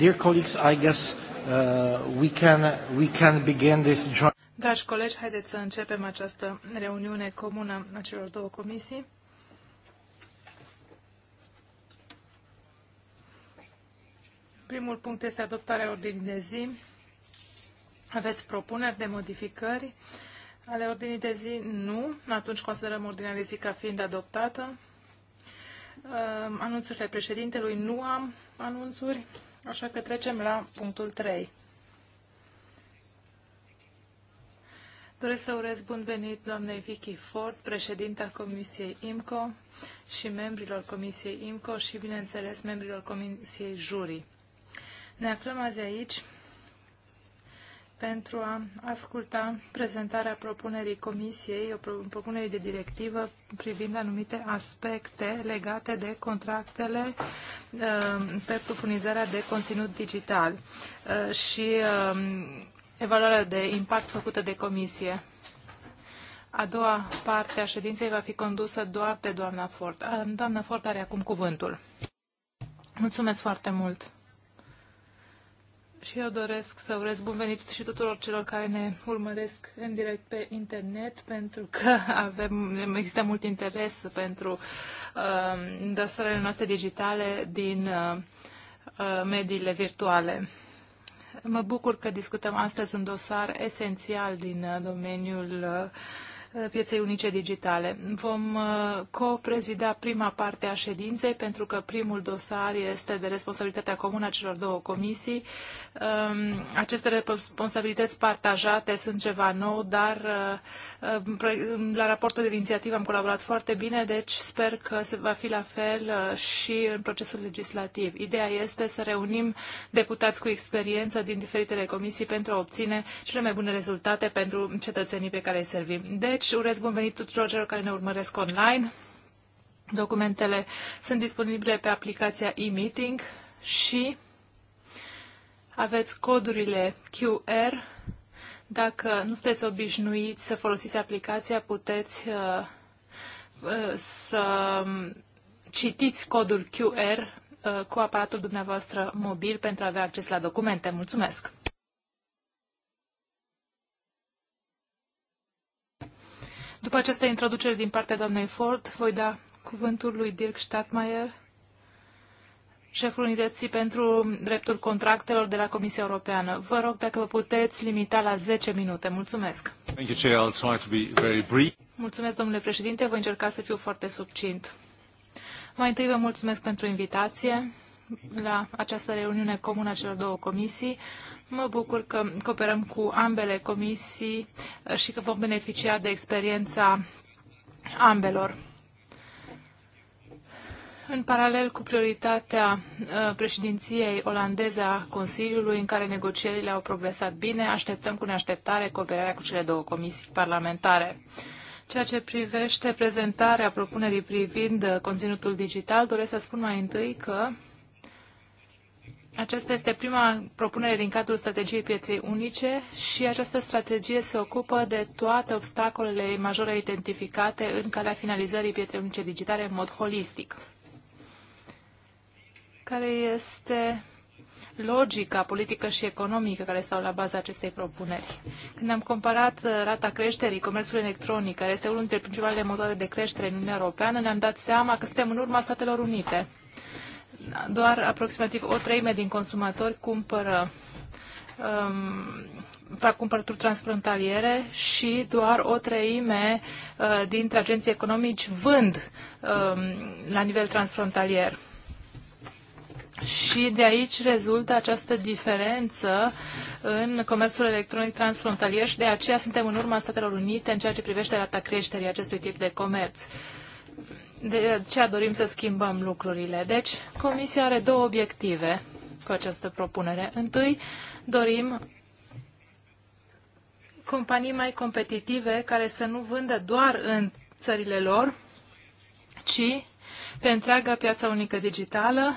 Dear colleagues, I guess uh, we can we can begin this joint. Dragi colegi, haideți să începem această reuniune comună a celor două comisii. Primul punct este adoptarea ordinii de zi. Aveți propuneri de modificări ale ordinii de zi? Nu. Atunci considerăm ordinea de zi ca fiind adoptată. Uh, anunțurile președintelui nu am anunțuri. Așa că trecem la punctul 3. Doresc să urez bun venit doamnei Vicky Ford, președinta Comisiei IMCO și membrilor Comisiei IMCO și, bineînțeles, membrilor Comisiei Jurii. Ne aflăm azi aici pentru a asculta prezentarea propunerii Comisiei, o propunere de directivă privind anumite aspecte legate de contractele uh, pentru furnizarea de conținut digital uh, și uh, evaluarea de impact făcută de Comisie. A doua parte a ședinței va fi condusă doar de doamna Ford. Doamna Ford are acum cuvântul. Mulțumesc foarte mult! Și eu doresc să urez bun venit și tuturor celor care ne urmăresc în direct pe internet, pentru că avem, există mult interes pentru uh, um, îndrăsările noastre digitale din uh, uh, mediile virtuale. Mă bucur că discutăm astăzi un dosar esențial din uh, domeniul uh, pieței unice digitale. Vom coprezida prima parte a ședinței pentru că primul dosar este de responsabilitatea comună a celor două comisii Um, aceste responsabilități partajate sunt ceva nou, dar uh, um, um, la raportul de inițiativă am colaborat foarte bine, deci sper că se va fi la fel uh, și în procesul legislativ. Ideea este să reunim deputați cu experiență din diferitele comisii pentru a obține cele mai bune rezultate pentru cetățenii pe care îi servim. Deci, urez bun venit tuturor celor care ne urmăresc online. Documentele sunt disponibile pe aplicația e-meeting și aveți codurile QR. Dacă nu sunteți obișnuiți să folosiți aplicația, puteți uh, uh, să um, citiți codul QR uh, cu aparatul dumneavoastră mobil pentru a avea acces la documente. Mulțumesc! După această introducere din partea doamnei Ford, voi da cuvântul lui Dirk Stadmeier șeful unității pentru dreptul contractelor de la Comisia Europeană. Vă rog dacă vă puteți limita la 10 minute. Mulțumesc. Mulțumesc, domnule președinte. Voi încerca să fiu foarte subcint. Mai întâi vă mulțumesc pentru invitație la această reuniune comună a celor două comisii. Mă bucur că cooperăm cu ambele comisii și că vom beneficia de experiența ambelor. În paralel cu prioritatea uh, președinției olandeze a Consiliului, în care negocierile au progresat bine, așteptăm cu neașteptare cooperarea cu cele două comisii parlamentare. Ceea ce privește prezentarea propunerii privind uh, conținutul digital, doresc să spun mai întâi că aceasta este prima propunere din cadrul strategiei pieței unice și această strategie se ocupă de toate obstacolele majore identificate în calea finalizării pieței unice digitale în mod holistic care este logica politică și economică care stau la baza acestei propuneri. Când am comparat uh, rata creșterii comerțului electronic, care este unul dintre principalele motoare de creștere în Uniunea Europeană, ne-am dat seama că suntem în urma Statelor Unite. Doar aproximativ o treime din consumatori cumpără um, fac cumpărături transfrontaliere și doar o treime uh, dintre agenții economici vând um, la nivel transfrontalier. Și de aici rezultă această diferență în comerțul electronic transfrontalier și de aceea suntem în urma Statelor Unite în ceea ce privește rata creșterii acestui tip de comerț. De aceea dorim să schimbăm lucrurile. Deci, Comisia are două obiective cu această propunere. Întâi, dorim companii mai competitive care să nu vândă doar în țările lor, ci pe întreaga piața unică digitală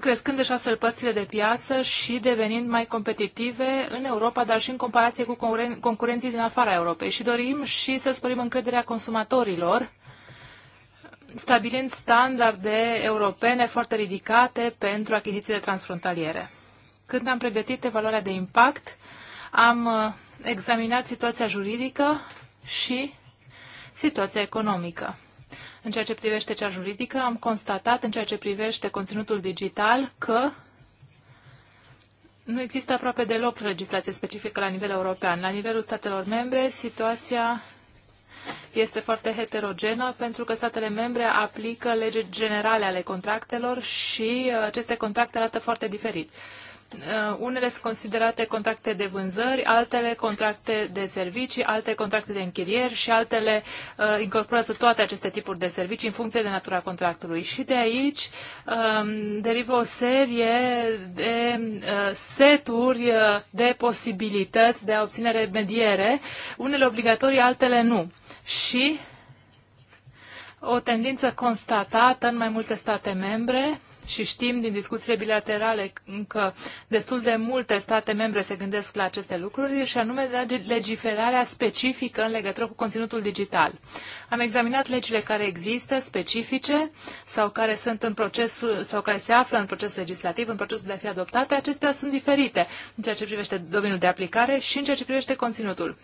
crescându-și astfel părțile de piață și devenind mai competitive în Europa, dar și în comparație cu concuren- concurenții din afara Europei. Și dorim și să sporim încrederea consumatorilor, stabilind standarde europene foarte ridicate pentru achizițiile transfrontaliere. Când am pregătit evaluarea de impact, am uh, examinat situația juridică și situația economică. În ceea ce privește cea juridică, am constatat în ceea ce privește conținutul digital că nu există aproape deloc legislație specifică la nivel european. La nivelul statelor membre, situația este foarte heterogenă pentru că statele membre aplică legi generale ale contractelor și uh, aceste contracte arată foarte diferit. Uh, unele sunt considerate contracte de vânzări, altele contracte de servicii, alte contracte de închirieri și altele uh, incorporează toate aceste tipuri de servicii în funcție de natura contractului. Și de aici um, derivă o serie de uh, seturi uh, de posibilități de a obține remediere, unele obligatorii, altele nu. Și o tendință constatată în mai multe state membre și știm din discuțiile bilaterale că destul de multe state membre se gândesc la aceste lucruri și anume legiferarea specifică în legătură cu conținutul digital. Am examinat legile care există, specifice sau care sunt în proces sau care se află în proces legislativ, în procesul de a fi adoptate. Acestea sunt diferite în ceea ce privește domeniul de aplicare și în ceea ce privește conținutul.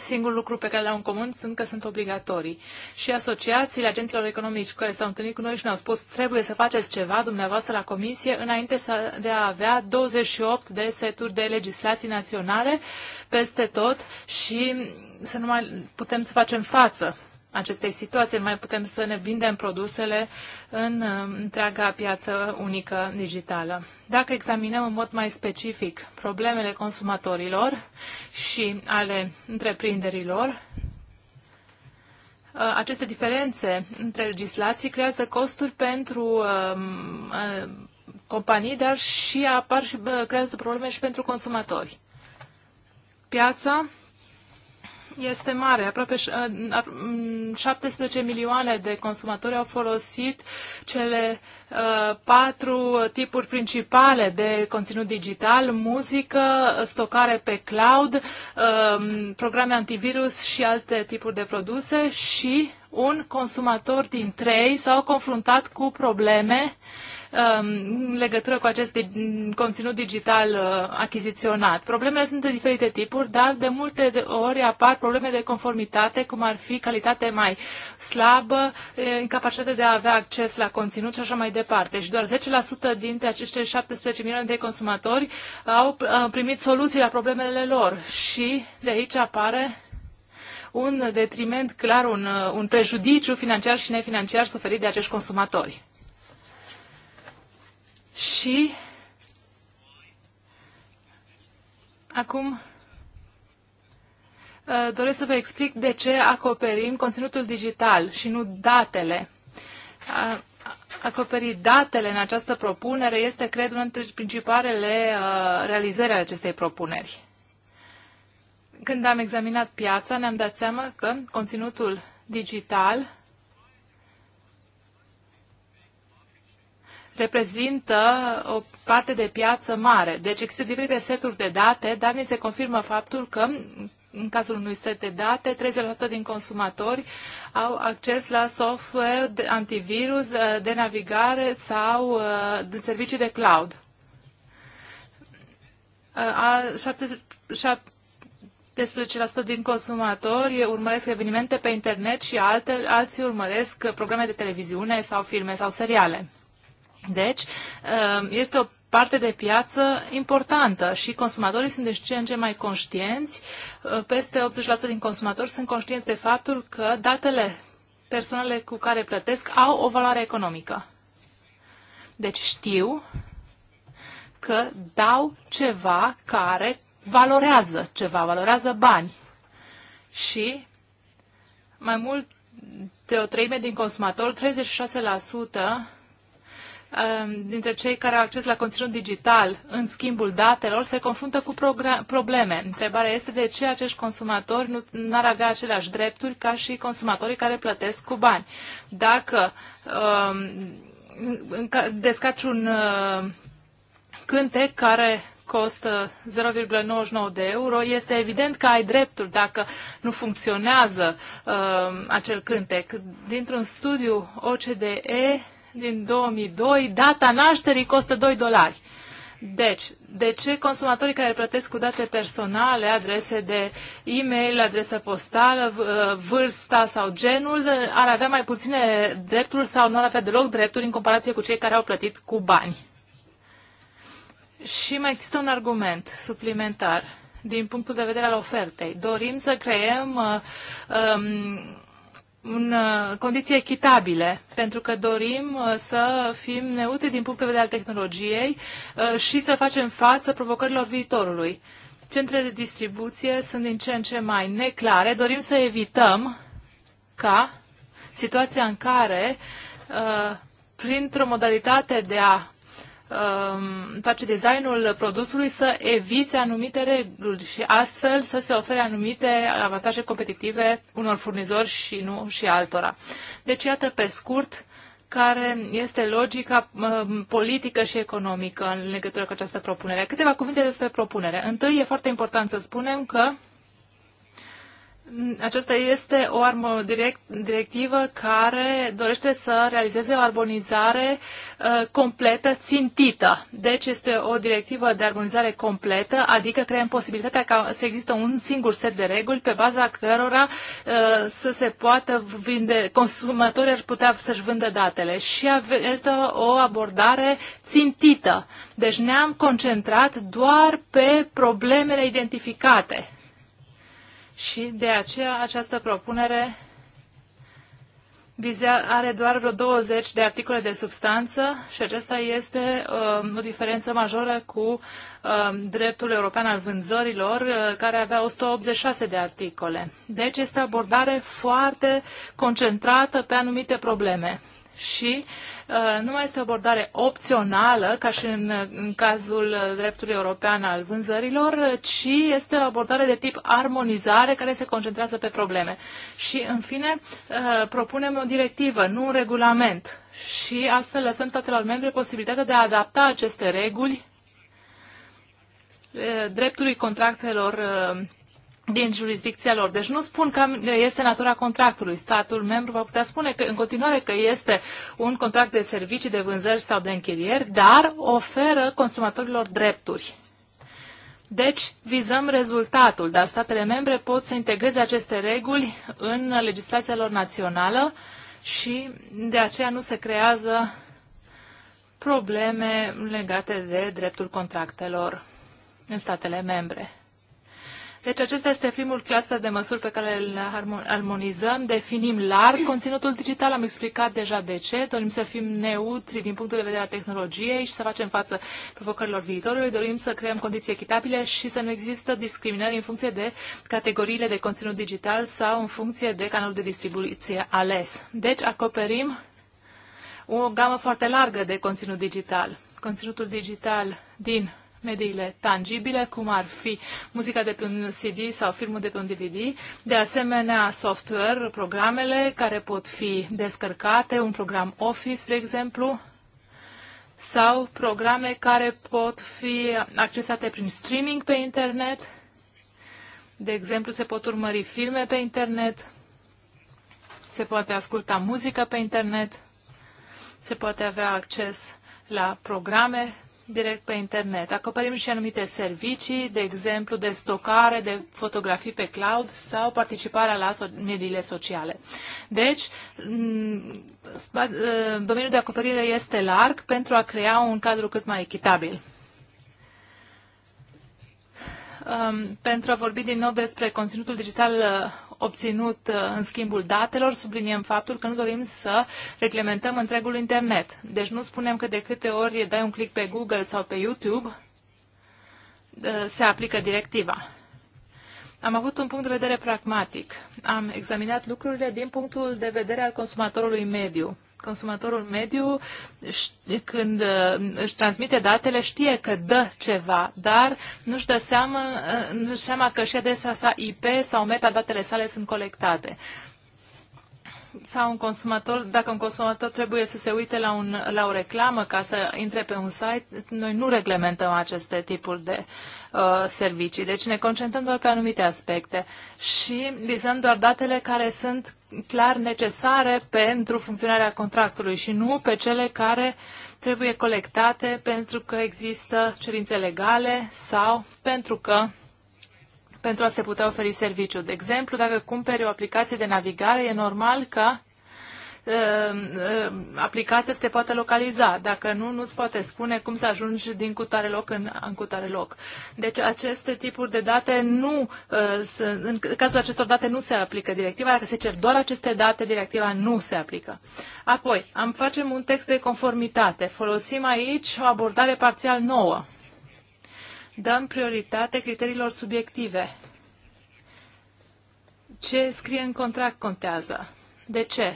Singurul lucru pe care le au în comun sunt că sunt obligatorii. Și asociațiile agenților economici cu care s-au întâlnit cu noi și ne-au spus trebuie să faceți ceva dumneavoastră la comisie înainte să, de a avea 28 de seturi de legislații naționale peste tot și să nu mai putem să facem față acestei situații, mai putem să ne vindem produsele în uh, întreaga piață unică digitală. Dacă examinăm în mod mai specific problemele consumatorilor și ale întreprinderilor, uh, aceste diferențe între legislații creează costuri pentru uh, companii, dar și apar și creează probleme și pentru consumatori. Piața este mare. Aproape 17 milioane de consumatori au folosit cele patru tipuri principale de conținut digital, muzică, stocare pe cloud, programe antivirus și alte tipuri de produse și un consumator din trei s-au confruntat cu probleme uh, Um, în legătură cu acest conținut digital uh, achiziționat. Problemele sunt de diferite tipuri, dar de multe ori apar probleme de conformitate, cum ar fi calitate mai slabă, incapacitate de a avea acces la conținut și așa mai departe. Și doar 10% dintre acești 17 milioane de consumatori au primit soluții la problemele lor. Și de aici apare un detriment clar, un, un prejudiciu financiar și nefinanciar suferit de acești consumatori. Și acum uh, doresc să vă explic de ce acoperim conținutul digital și nu datele. Uh, acoperi datele în această propunere este, cred, una dintre principalele uh, realizări ale acestei propuneri. Când am examinat piața, ne-am dat seama că conținutul digital reprezintă o parte de piață mare. Deci există diferite seturi de date, dar ni se confirmă faptul că în cazul unui set de date, 30% din consumatori au acces la software de antivirus, uh, de navigare sau uh, de servicii de cloud. Uh, a 17% din consumatori urmăresc evenimente pe internet și alte, alții urmăresc programe de televiziune sau filme sau seriale. Deci, um, este o parte de piață importantă și consumatorii sunt deci ce în ce mai conștienți. Uh, peste 80% din consumatori sunt conștienți de faptul că datele personale cu care plătesc au o valoare economică. Deci știu că dau ceva care valorează ceva, valorează bani. Și mai mult de o treime din consumator, 36% dintre cei care au acces la conținut digital în schimbul datelor se confruntă cu probleme. Întrebarea este de ce acești consumatori nu ar avea aceleași drepturi ca și consumatorii care plătesc cu bani. Dacă um, descarci un uh, cântec care costă 0,99 de euro, este evident că ai dreptul dacă nu funcționează uh, acel cântec. Dintr-un studiu OCDE din 2002, data nașterii costă 2 dolari. Deci, de ce consumatorii care plătesc cu date personale, adrese de e-mail, adresă postală, uh, vârsta sau genul, ar avea mai puține drepturi sau nu ar avea deloc drepturi în comparație cu cei care au plătit cu bani? Și mai există un argument suplimentar din punctul de vedere al ofertei. Dorim să creăm uh, um, în uh, condiții echitabile, pentru că dorim uh, să fim neutri din punct de vedere al tehnologiei uh, și să facem față provocărilor viitorului. Centrele de distribuție sunt din ce în ce mai neclare. Dorim să evităm ca situația în care, printr-o modalitate de a Um, face designul produsului să evite anumite reguli și astfel să se ofere anumite avantaje competitive unor furnizori și nu și altora. Deci iată pe scurt care este logica um, politică și economică în legătură cu această propunere. Câteva cuvinte despre propunere. Întâi, e foarte important să spunem că aceasta este o direct, directivă care dorește să realizeze o armonizare uh, completă, țintită. Deci este o directivă de armonizare completă, adică creăm posibilitatea ca să există un singur set de reguli pe baza cărora uh, să se poată vinde, consumatorii ar putea să-și vândă datele. Și este o abordare țintită. Deci ne-am concentrat doar pe problemele identificate și de aceea această propunere are doar vreo 20 de articole de substanță și acesta este uh, o diferență majoră cu uh, dreptul european al vânzărilor, uh, care avea 186 de articole. Deci este o abordare foarte concentrată pe anumite probleme și uh, nu mai este o abordare opțională, ca și în, în cazul dreptului european al vânzărilor, ci este o abordare de tip armonizare care se concentrează pe probleme. Și, în fine, uh, propunem o directivă, nu un regulament. Și astfel lăsăm statelor membre posibilitatea de a adapta aceste reguli uh, dreptului contractelor din jurisdicția lor. Deci nu spun că este natura contractului. Statul membru va putea spune că în continuare că este un contract de servicii, de vânzări sau de închirieri, dar oferă consumatorilor drepturi. Deci vizăm rezultatul, dar statele membre pot să integreze aceste reguli în legislația lor națională și de aceea nu se creează probleme legate de dreptul contractelor în statele membre. Deci acesta este primul cluster de măsuri pe care îl armonizăm. Definim larg conținutul digital, am explicat deja de ce. Dorim să fim neutri din punctul de vedere al tehnologiei și să facem față provocărilor viitorului. Dorim să creăm condiții echitabile și să nu există discriminări în funcție de categoriile de conținut digital sau în funcție de canalul de distribuție ales. Deci acoperim o gamă foarte largă de conținut digital. Conținutul digital din mediile tangibile, cum ar fi muzica de pe un CD sau filmul de pe un DVD, de asemenea software, programele care pot fi descărcate, un program Office, de exemplu, sau programe care pot fi accesate prin streaming pe internet. De exemplu, se pot urmări filme pe internet, se poate asculta muzică pe internet, se poate avea acces la programe direct pe internet. Acoperim și anumite servicii, de exemplu, de stocare de fotografii pe cloud sau participarea la so- mediile sociale. Deci, mm, eh, domeniul de acoperire este larg pentru a crea un cadru cât mai echitabil um, pentru a vorbi din nou despre conținutul digital eh, obținut uh, în schimbul datelor, subliniem faptul că nu dorim să reglementăm întregul internet. Deci nu spunem că de câte ori dai un click pe Google sau pe YouTube, uh, se aplică directiva. Am avut un punct de vedere pragmatic. Am examinat lucrurile din punctul de vedere al consumatorului mediu consumatorul mediu, când uh, își transmite datele, știe că dă ceva, dar nu-și dă seama, uh, nu seama că și adresa sa IP sau metadatele sale sunt colectate sau un consumator, dacă un consumator trebuie să se uite la, un, la o reclamă ca să intre pe un site, noi nu reglementăm aceste tipuri de Uh, servicii. Deci ne concentrăm doar pe anumite aspecte și vizăm doar datele care sunt clar necesare pentru funcționarea contractului și nu pe cele care trebuie colectate pentru că există cerințe legale sau pentru că pentru a se putea oferi serviciu. De exemplu, dacă cumperi o aplicație de navigare, e normal ca Um, um, aplicația să te poată localiza. Dacă nu, nu-ți poate spune cum să ajungi din cutare loc în, în cutare loc. Deci aceste tipuri de date nu, uh, în cazul acestor date nu se aplică directiva. Dacă se cer doar aceste date, directiva nu se aplică. Apoi, am facem un text de conformitate. Folosim aici o abordare parțial nouă. Dăm prioritate criteriilor subiective. Ce scrie în contract contează. De ce?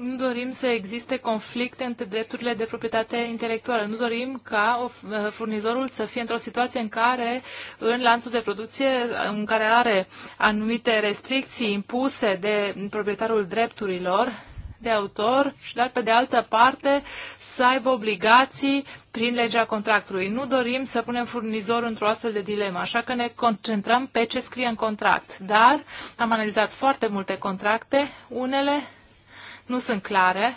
Nu dorim să existe conflicte între drepturile de proprietate intelectuală. Nu dorim ca uh, furnizorul să fie într-o situație în care, în lanțul de producție, în care are anumite restricții impuse de proprietarul drepturilor de autor și, dar pe de altă parte, să aibă obligații prin legea contractului. Nu dorim să punem furnizorul într-o astfel de dilemă, așa că ne concentrăm pe ce scrie în contract. Dar am analizat foarte multe contracte, unele nu sunt clare.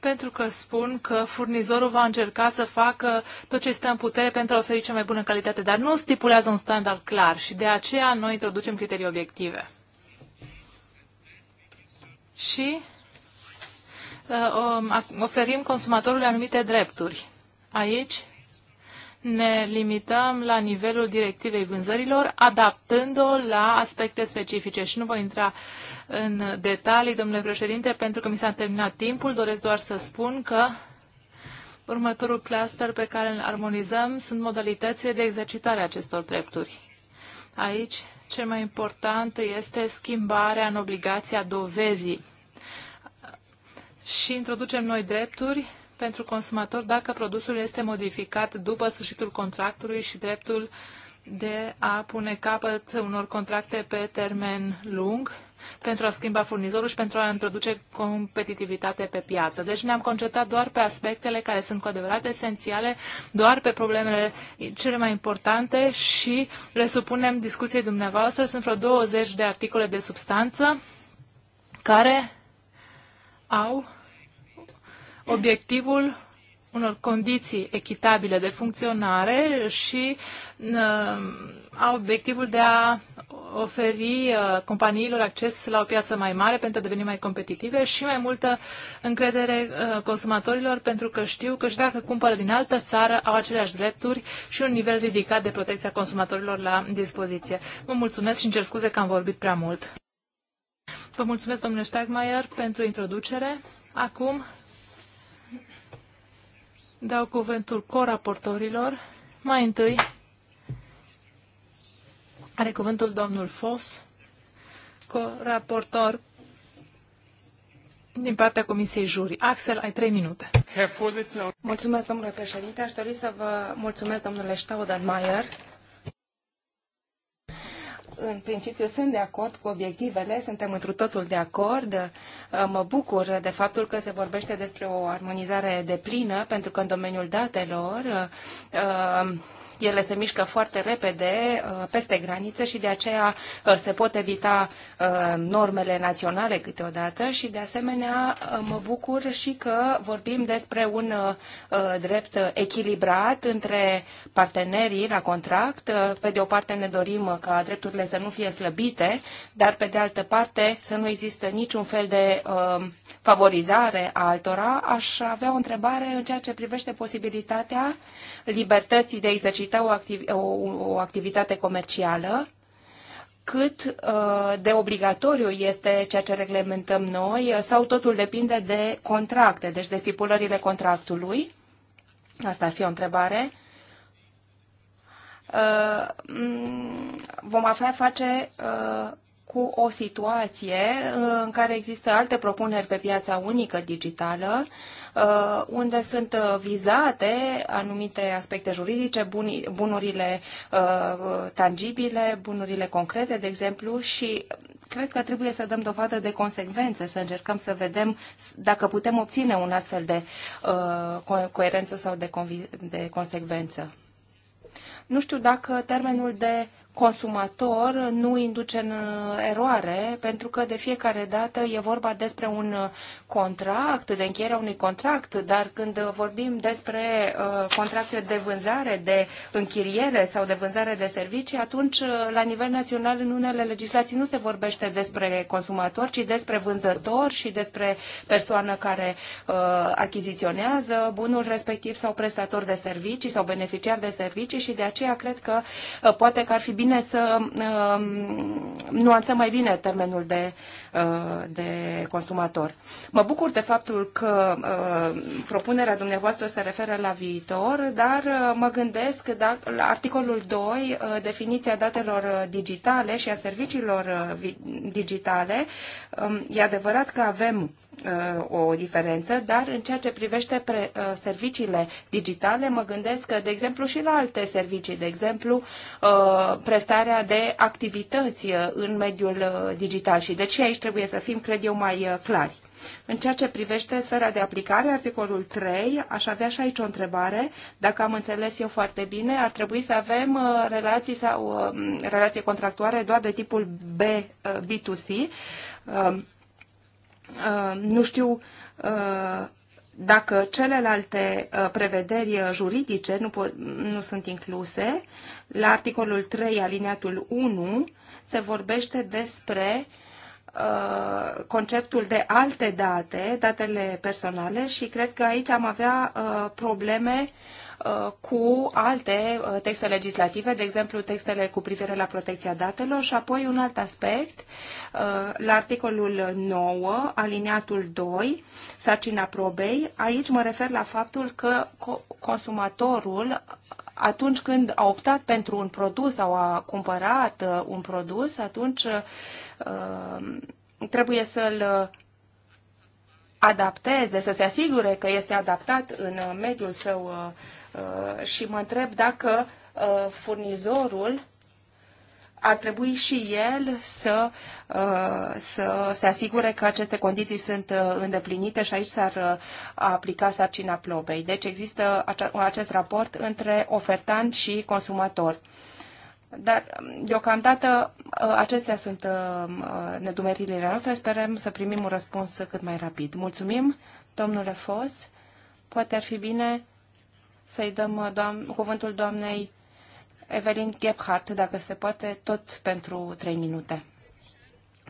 Pentru că spun că furnizorul va încerca să facă tot ce stă în putere pentru a oferi cea mai bună calitate, dar nu stipulează un standard clar și de aceea noi introducem criterii obiective. Și uh, um, oferim consumatorului anumite drepturi. Aici ne limităm la nivelul directivei vânzărilor, adaptând-o la aspecte specifice. Și nu voi intra în detalii, domnule președinte, pentru că mi s-a terminat timpul. Doresc doar să spun că următorul cluster pe care îl armonizăm sunt modalitățile de exercitare a acestor drepturi. Aici, cel mai important este schimbarea în obligația dovezii. Și introducem noi drepturi pentru consumator dacă produsul este modificat după sfârșitul contractului și dreptul de a pune capăt unor contracte pe termen lung pentru a schimba furnizorul și pentru a introduce competitivitate pe piață. Deci ne-am concentrat doar pe aspectele care sunt cu adevărat esențiale, doar pe problemele cele mai importante și supunem discuției dumneavoastră. Sunt vreo 20 de articole de substanță care au obiectivul unor condiții echitabile de funcționare și uh, a obiectivul de a oferi uh, companiilor acces la o piață mai mare pentru a deveni mai competitive și mai multă încredere uh, consumatorilor pentru că știu că și dacă cumpără din altă țară au aceleași drepturi și un nivel ridicat de protecția consumatorilor la dispoziție. Vă mulțumesc și îmi cer scuze că am vorbit prea mult. Vă mulțumesc, domnule Stagmaier, pentru introducere. Acum dau cuvântul coraportorilor. Mai întâi are cuvântul domnul Fos, coraportor din partea Comisiei Juri. Axel, ai trei minute. Mulțumesc, domnule președinte. Aș dori să vă mulțumesc, domnule Staudenmaier, în principiu sunt de acord cu obiectivele, suntem întru totul de acord. Uh, mă bucur de faptul că se vorbește despre o armonizare de plină, pentru că în domeniul datelor uh, ele se mișcă foarte repede uh, peste granițe și de aceea uh, se pot evita uh, normele naționale câteodată și de asemenea mă bucur și că vorbim despre un drept echilibrat între partenerii la contract. Pe de o parte ne dorim ca drepturile să nu fie slăbite, dar pe de altă parte să nu există niciun fel de favorizare a altora. Aș avea o întrebare în ceea ce privește posibilitatea libertății de exercitare exercita o, activ- o, o activitate comercială, cât uh, de obligatoriu este ceea ce reglementăm noi sau totul depinde de contracte, deci de stipulările contractului? Asta ar fi o întrebare. Uh, vom avea face uh, cu o situație uh, în care există alte propuneri pe piața unică digitală, uh, unde sunt uh, vizate anumite aspecte juridice, bunurile tangibile, bunurile concrete, de exemplu, și cred că trebuie să dăm dovadă de consecvență, să încercăm să vedem dacă putem obține un astfel de coerență sau de, de consecvență. Nu știu dacă termenul de consumator nu induce în eroare, pentru că de fiecare dată e vorba despre un contract, de încheierea unui contract, dar când vorbim despre uh, contracte de vânzare, de închiriere sau de vânzare de servicii, atunci, uh, la nivel național, în unele legislații nu se vorbește despre consumator, ci despre vânzător și despre persoană care uh, achiziționează bunul respectiv sau prestator de servicii sau beneficiar de servicii și de aceea cred că poate că ar fi bine bine să um, nuanțăm mai bine termenul de, uh, de consumator. Mă bucur de faptul că uh, propunerea dumneavoastră se referă la viitor, dar uh, mă gândesc da, la articolul 2, definiția datelor digitale și a serviciilor digitale, um, e adevărat că avem Uh, o diferență, dar în ceea ce privește pre, uh, serviciile digitale, mă gândesc, de exemplu, și la alte servicii, de exemplu, uh, prestarea de activități în mediul digital. Și deci aici trebuie să fim, cred eu, mai clari. În ceea ce privește sfera de aplicare, articolul 3, aș avea și aici o întrebare. Dacă am înțeles eu foarte bine, ar trebui să avem relații sau relație contractuale doar de tipul B, B2C Uh, nu știu uh, dacă celelalte uh, prevederi juridice nu, pot, nu sunt incluse. La articolul 3, aliniatul 1, se vorbește despre Uh, conceptul de alte date, datele personale și cred că aici am avea uh, probleme uh, cu alte texte legislative, de exemplu textele cu privire la protecția datelor și apoi un alt aspect, la articolul 9, aliniatul 2, sarcina probei, aici mă refer la faptul că consumatorul atunci când a optat pentru un produs sau a cumpărat uh, un produs, atunci uh, trebuie să-l adapteze, să se asigure că este adaptat în mediul său uh, și mă întreb dacă furnizorul ar trebui și el să, uh, să se asigure că aceste condiții sunt uh, îndeplinite și aici s-ar uh, aplica sarcina plobei. Deci există acest raport între ofertant și consumator. Dar, deocamdată, acestea sunt nedumeririle noastre. Sperăm să primim un răspuns cât mai rapid. Mulțumim, domnule Fos. Poate ar fi bine să-i dăm doam- cuvântul doamnei Evelyn Gebhardt, dacă se poate, tot pentru trei minute.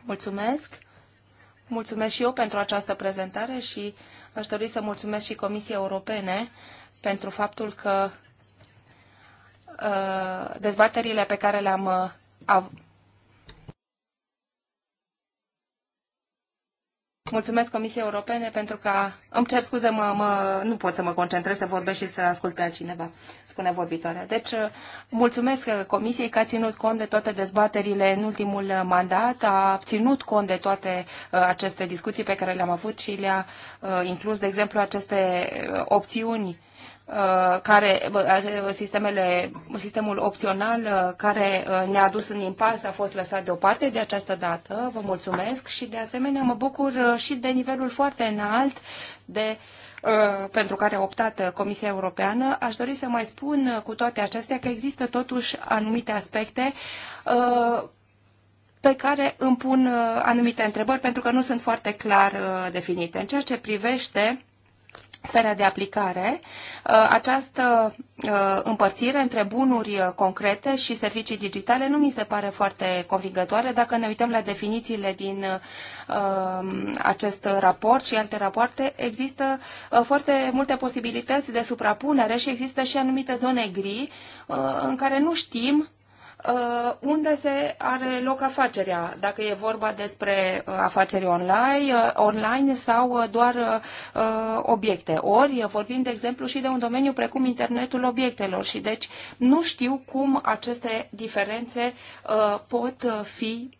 Mulțumesc! Mulțumesc și eu pentru această prezentare și aș dori să mulțumesc și Comisiei Europene pentru faptul că uh, dezbaterile pe care le-am uh, av- Mulțumesc Comisiei Europene pentru că... Îmi cer scuze, mă, mă, nu pot să mă concentrez să vorbesc și să ascult pe altcineva spune vorbitoarea. Deci, uh, mulțumesc uh, Comisiei că a ținut cont de toate dezbaterile în ultimul uh, mandat, a ținut cont de toate aceste discuții pe care le-am avut și le-a inclus, de exemplu, aceste opțiuni care sistemele, sistemul opțional care ne-a dus în impas a fost lăsat deoparte de această dată. Vă mulțumesc și de asemenea mă bucur și de nivelul foarte înalt de uh, Uh, pentru care a optat uh, Comisia Europeană, aș dori să mai spun uh, cu toate acestea că există totuși anumite aspecte pe care îmi pun anumite întrebări pentru că nu sunt foarte clar definite. În ceea ce privește sfera de aplicare, uh, această uh, împărțire între bunuri uh, concrete și servicii digitale nu mi se pare foarte convingătoare dacă ne uităm la definițiile din acest raport și alte rapoarte. Există foarte multe posibilități de suprapunere și există și anumite zone gri în care nu știm Uh, unde se are loc afacerea, dacă e vorba despre uh, afaceri online, uh, online sau doar obiecte. Ori vorbim, de exemplu, și de un domeniu precum internetul obiectelor și deci nu știu cum aceste diferențe pot fi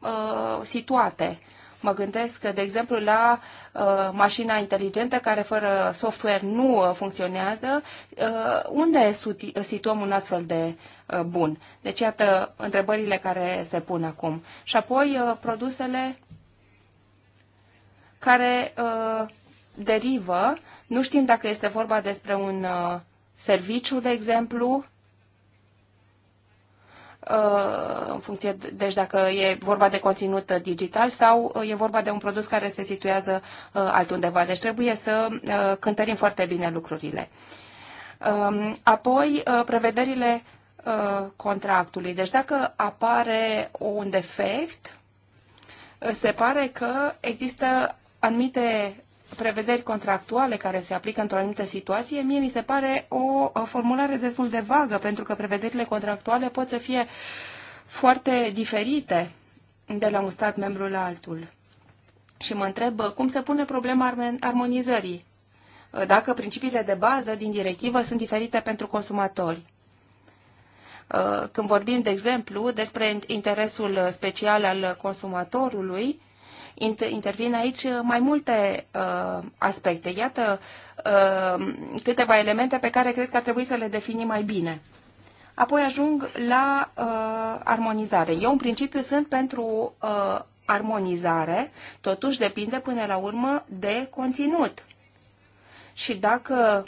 situate Mă gândesc, de exemplu, la uh, mașina inteligentă care fără software nu uh, funcționează. Uh, unde situăm un astfel de uh, bun? Deci, iată întrebările care se pun acum. Și apoi, uh, produsele care uh, derivă, nu știm dacă este vorba despre un uh, serviciu, de exemplu, Uh, în funcție, deci dacă e vorba de conținut digital sau uh, e vorba de un produs care se situează uh, altundeva. Deci trebuie să cântărim foarte bine lucrurile. Um, apoi, prevederile contractului. Deci dacă apare un defect, se pare că există anumite prevederi contractuale care se aplică într-o anumită situație, mie mi se pare o formulare destul de vagă, pentru că prevederile contractuale pot să fie foarte diferite de la un stat membru la altul. Și mă întreb cum se pune problema armonizării, dacă principiile de bază din directivă sunt diferite pentru consumatori când vorbim, de exemplu, despre interesul special al consumatorului, intervin aici uh, mai multe uh, aspecte. Iată uh, câteva elemente pe care cred că ar trebui să le definim mai bine. Apoi ajung la uh, armonizare. Eu, în principiu, sunt pentru uh, armonizare, totuși depinde până la urmă de conținut. Și dacă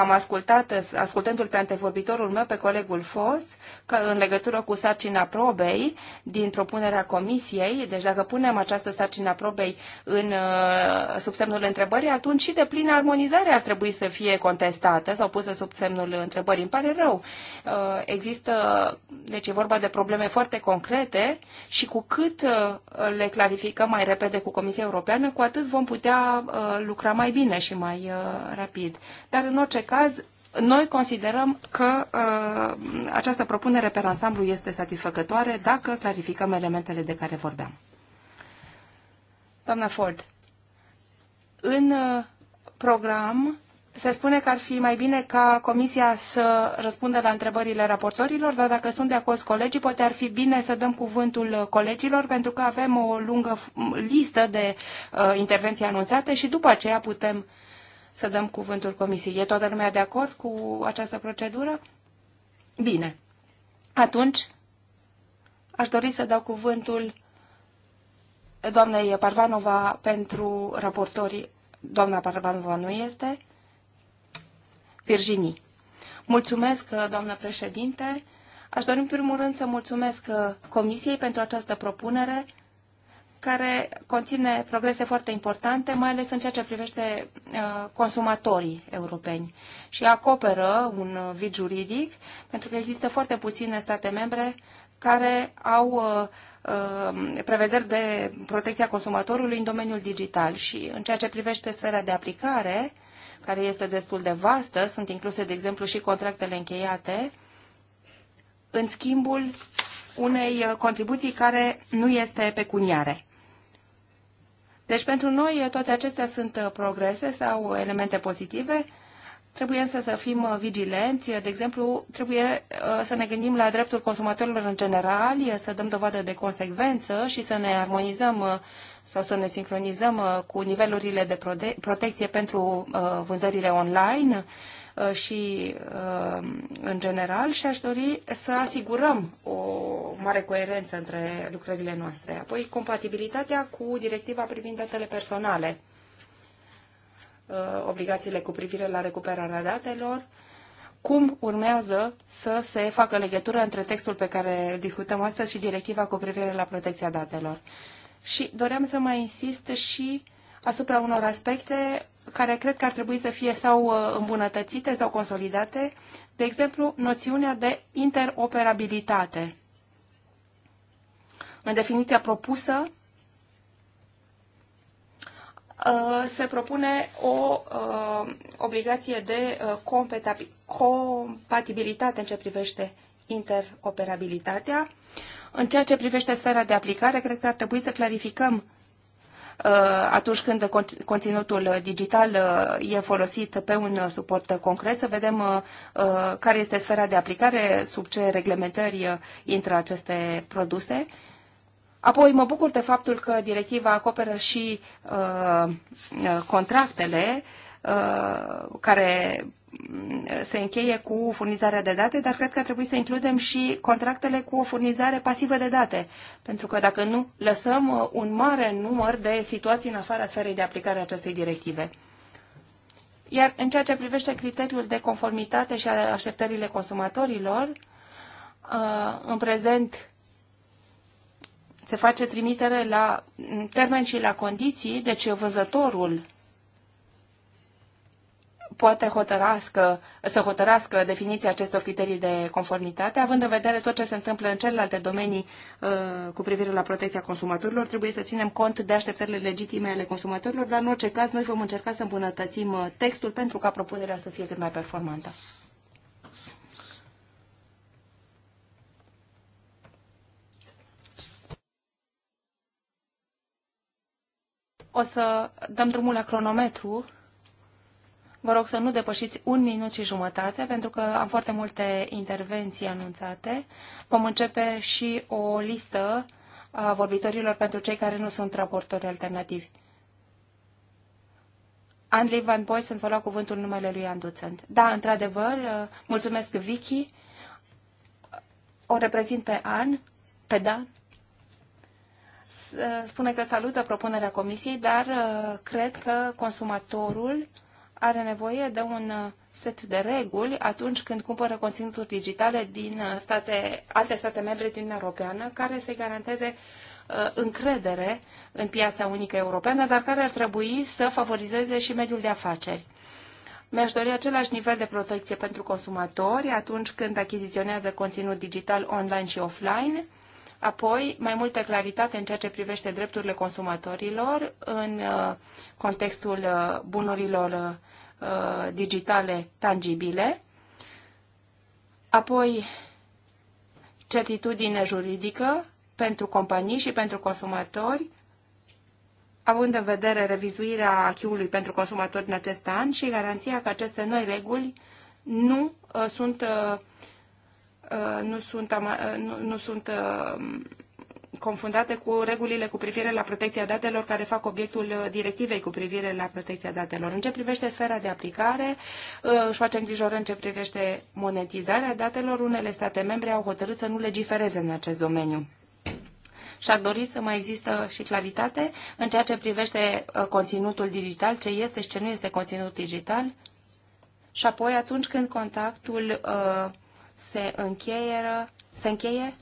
am ascultat, ascultându-l pe antevorbitorul meu, pe colegul Fos, că în legătură cu sarcina probei din propunerea comisiei, deci dacă punem această sarcina probei în, uh, sub semnul întrebării, atunci și de plină armonizare ar trebui să fie contestată sau pusă sub semnul întrebării. Îmi pare rău. Uh, există, deci e vorba de probleme foarte concrete și cu cât uh, le clarificăm mai repede cu Comisia Europeană, cu atât vom putea lucra mai bine și mai rapid. Dar dar în orice caz noi considerăm că uh, această propunere pe ansamblu este satisfăcătoare dacă clarificăm elementele de care vorbeam. Doamna Ford, în uh, program se spune că ar fi mai bine ca comisia să răspundă la întrebările raportorilor, dar dacă sunt de acord colegii, poate ar fi bine să dăm cuvântul uh, colegilor, pentru că avem o lungă listă de uh, intervenții anunțate și după aceea putem uh, să dăm cuvântul comisiei. E toată lumea de acord cu această procedură? Bine. Atunci, aș dori să dau cuvântul doamnei Parvanova pentru raportorii. Doamna Parvanova nu este. Virginie. Mulțumesc, doamnă președinte. Aș dori în primul rând să mulțumesc Comisiei pentru această propunere care conține progrese foarte importante, mai ales în ceea ce privește uh, consumatorii europeni și acoperă un vid juridic, pentru că există foarte puține state membre care au uh, uh, prevederi de protecția consumatorului în domeniul digital și în ceea ce privește sfera de aplicare, care este destul de vastă, sunt incluse, de exemplu, și contractele încheiate, în schimbul unei contribuții care nu este pecuniare. Deci pentru noi toate acestea sunt uh, progrese sau elemente pozitive. Trebuie însă să fim uh, vigilenți. De exemplu, trebuie uh, să ne gândim la dreptul consumatorilor în general, să dăm dovadă de consecvență și să ne armonizăm sau să ne sincronizăm cu nivelurile de protecție pentru vânzările online Uh, și uh, în general și aș dori să asigurăm o mare coerență între lucrările noastre. Apoi, compatibilitatea cu directiva privind datele personale, uh, obligațiile cu privire la recuperarea datelor, cum urmează să se facă legătură între textul pe care îl discutăm astăzi și directiva cu privire la protecția datelor. Și doream să mai insist și asupra unor aspecte care cred că ar trebui să fie sau uh, îmbunătățite sau consolidate, de exemplu, noțiunea de interoperabilitate. În definiția propusă, uh, se propune o uh, obligație de compatibilitate în ce privește interoperabilitatea. În ceea ce privește sfera de aplicare, cred că ar trebui să clarificăm Uh, atunci când conținutul digital uh, e folosit pe un suport concret, să vedem uh, care este sfera de aplicare, sub ce reglementări intră aceste produse. Apoi mă bucur de faptul că directiva acoperă și contractele care se încheie cu furnizarea de date, dar cred că trebuie să includem și contractele cu o furnizare pasivă de date, pentru că dacă nu, lăsăm uh, un mare număr de situații în afara sferei de aplicare a acestei directive. Iar în ceea ce privește criteriul de conformitate și așteptările consumatorilor, uh, în prezent se face trimitere la termen și la condiții, deci vânzătorul poate hotărască, să hotărască definiția acestor criterii de conformitate, având în vedere tot ce se întâmplă în celelalte domenii uh, cu privire la protecția consumatorilor. Trebuie să ținem cont de așteptările legitime ale consumatorilor, dar în orice caz noi vom încerca să îmbunătățim uh, textul pentru ca propunerea să fie cât mai performantă. O să dăm drumul la cronometru Vă rog să nu depășiți un minut și jumătate, pentru că am foarte multe intervenții anunțate. Vom începe și o listă a vorbitorilor pentru cei care nu sunt raportori alternativi. Andrei Van Boy sunt vă lua cuvântul numele lui Anduțent. Da, într-adevăr, mulțumesc Vicky. O reprezint pe An, pe Dan. Spune că salută propunerea comisiei, dar uh, cred că consumatorul are nevoie de un uh, set de reguli atunci când cumpără conținuturi digitale din uh, state, alte state membre din Europeană care să-i garanteze uh, încredere în piața unică europeană, dar care ar trebui să favorizeze și mediul de afaceri. Mi-aș dori același nivel de protecție pentru consumatori atunci când achiziționează conținut digital online și offline, apoi mai multă claritate în ceea ce privește drepturile consumatorilor în contextul bunurilor Uh, digitale tangibile, apoi certitudine juridică pentru companii și pentru consumatori, având în vedere revizuirea achiului pentru consumatori în acest an și garanția că aceste noi reguli nu uh, sunt, uh, uh nu sunt, uh, nu, nu sunt uh, confundate cu regulile cu privire la protecția datelor care fac obiectul uh, directivei cu privire la protecția datelor. În ce privește sfera de aplicare, uh, își face îngrijorări în ce privește monetizarea datelor. Unele state membre au hotărât să nu legifereze în acest domeniu și-ar dori să mai există și claritate în ceea ce privește uh, conținutul digital, ce este și ce nu este conținut digital. Și apoi atunci când contactul uh, se încheie, se încheie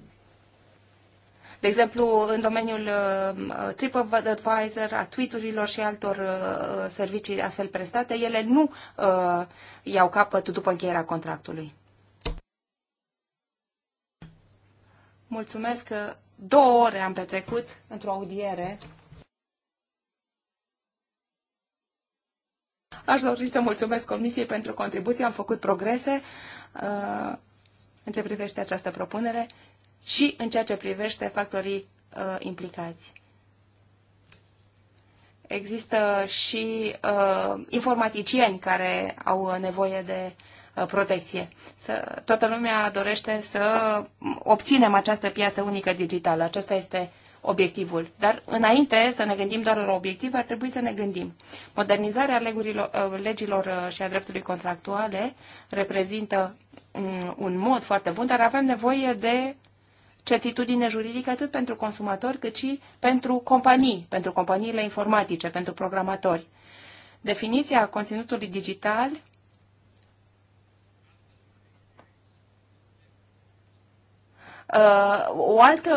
de exemplu, în domeniul uh, uh, TripAdvisor, a tweet-urilor și altor uh, servicii astfel prestate, ele nu iau capăt după încheierea contractului. Mulțumesc că două ore am petrecut într-o audiere. Aș dori să mulțumesc Comisiei pentru contribuție. Am făcut progrese uh, în ce privește această propunere și în ceea ce privește factorii uh, implicați. Există și uh, informaticieni care au uh, nevoie de uh, protecție. Să, toată lumea dorește să obținem această piață unică digitală. Acesta este obiectivul. Dar înainte să ne gândim doar la obiectiv, ar trebui să ne gândim. Modernizarea legurilor, uh, legilor uh, și a dreptului contractuale reprezintă mm, un mod foarte bun, dar avem nevoie de certitudine juridică atât pentru consumatori cât și pentru companii, pentru companiile informatice, pentru programatori. Definiția conținutului digital uh, O altă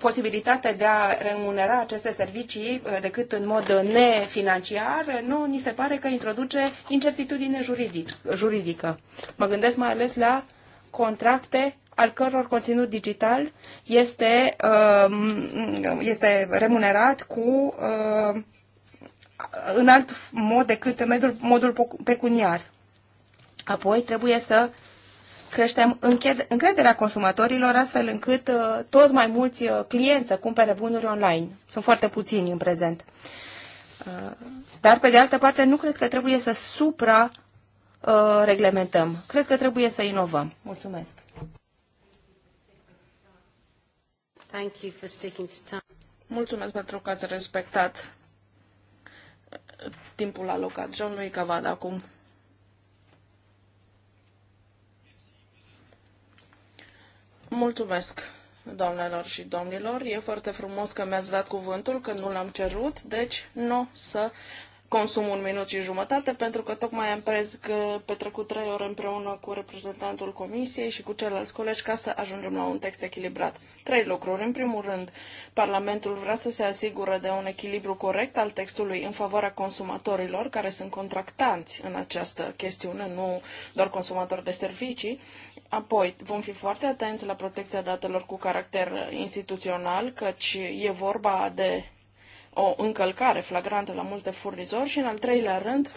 posibilitate de a remunera aceste servicii uh, decât în mod nefinanciar, nu ni se pare că introduce incertitudine juridic, juridică. Mă gândesc mai ales la contracte al căror conținut digital este, um, este remunerat cu um, în alt mod decât modul, modul pecuniar. Apoi trebuie să creștem încrederea consumatorilor astfel încât uh, toți mai mulți uh, clienți să cumpere bunuri online. Sunt foarte puțini în prezent. Uh, dar, pe de altă parte, nu cred că trebuie să supra reglementăm. Cred că trebuie să inovăm. Mulțumesc. Thank you for sticking to time. Mulțumesc pentru că ați respectat timpul alocat. John lui Cavad acum. Mulțumesc, doamnelor și domnilor. E foarte frumos că mi-ați dat cuvântul, că nu l-am cerut, deci nu o să consum un minut și jumătate, pentru că tocmai am prez că petrecut trei ore împreună cu reprezentantul comisiei și cu ceilalți colegi ca să ajungem la un text echilibrat. Trei lucruri. În primul rând, Parlamentul vrea să se asigure de un echilibru corect al textului în favoarea consumatorilor, care sunt contractanți în această chestiune, nu doar consumatori de servicii. Apoi, vom fi foarte atenți la protecția datelor cu caracter instituțional, căci e vorba de o încălcare flagrantă la multe furnizori și, în al treilea rând,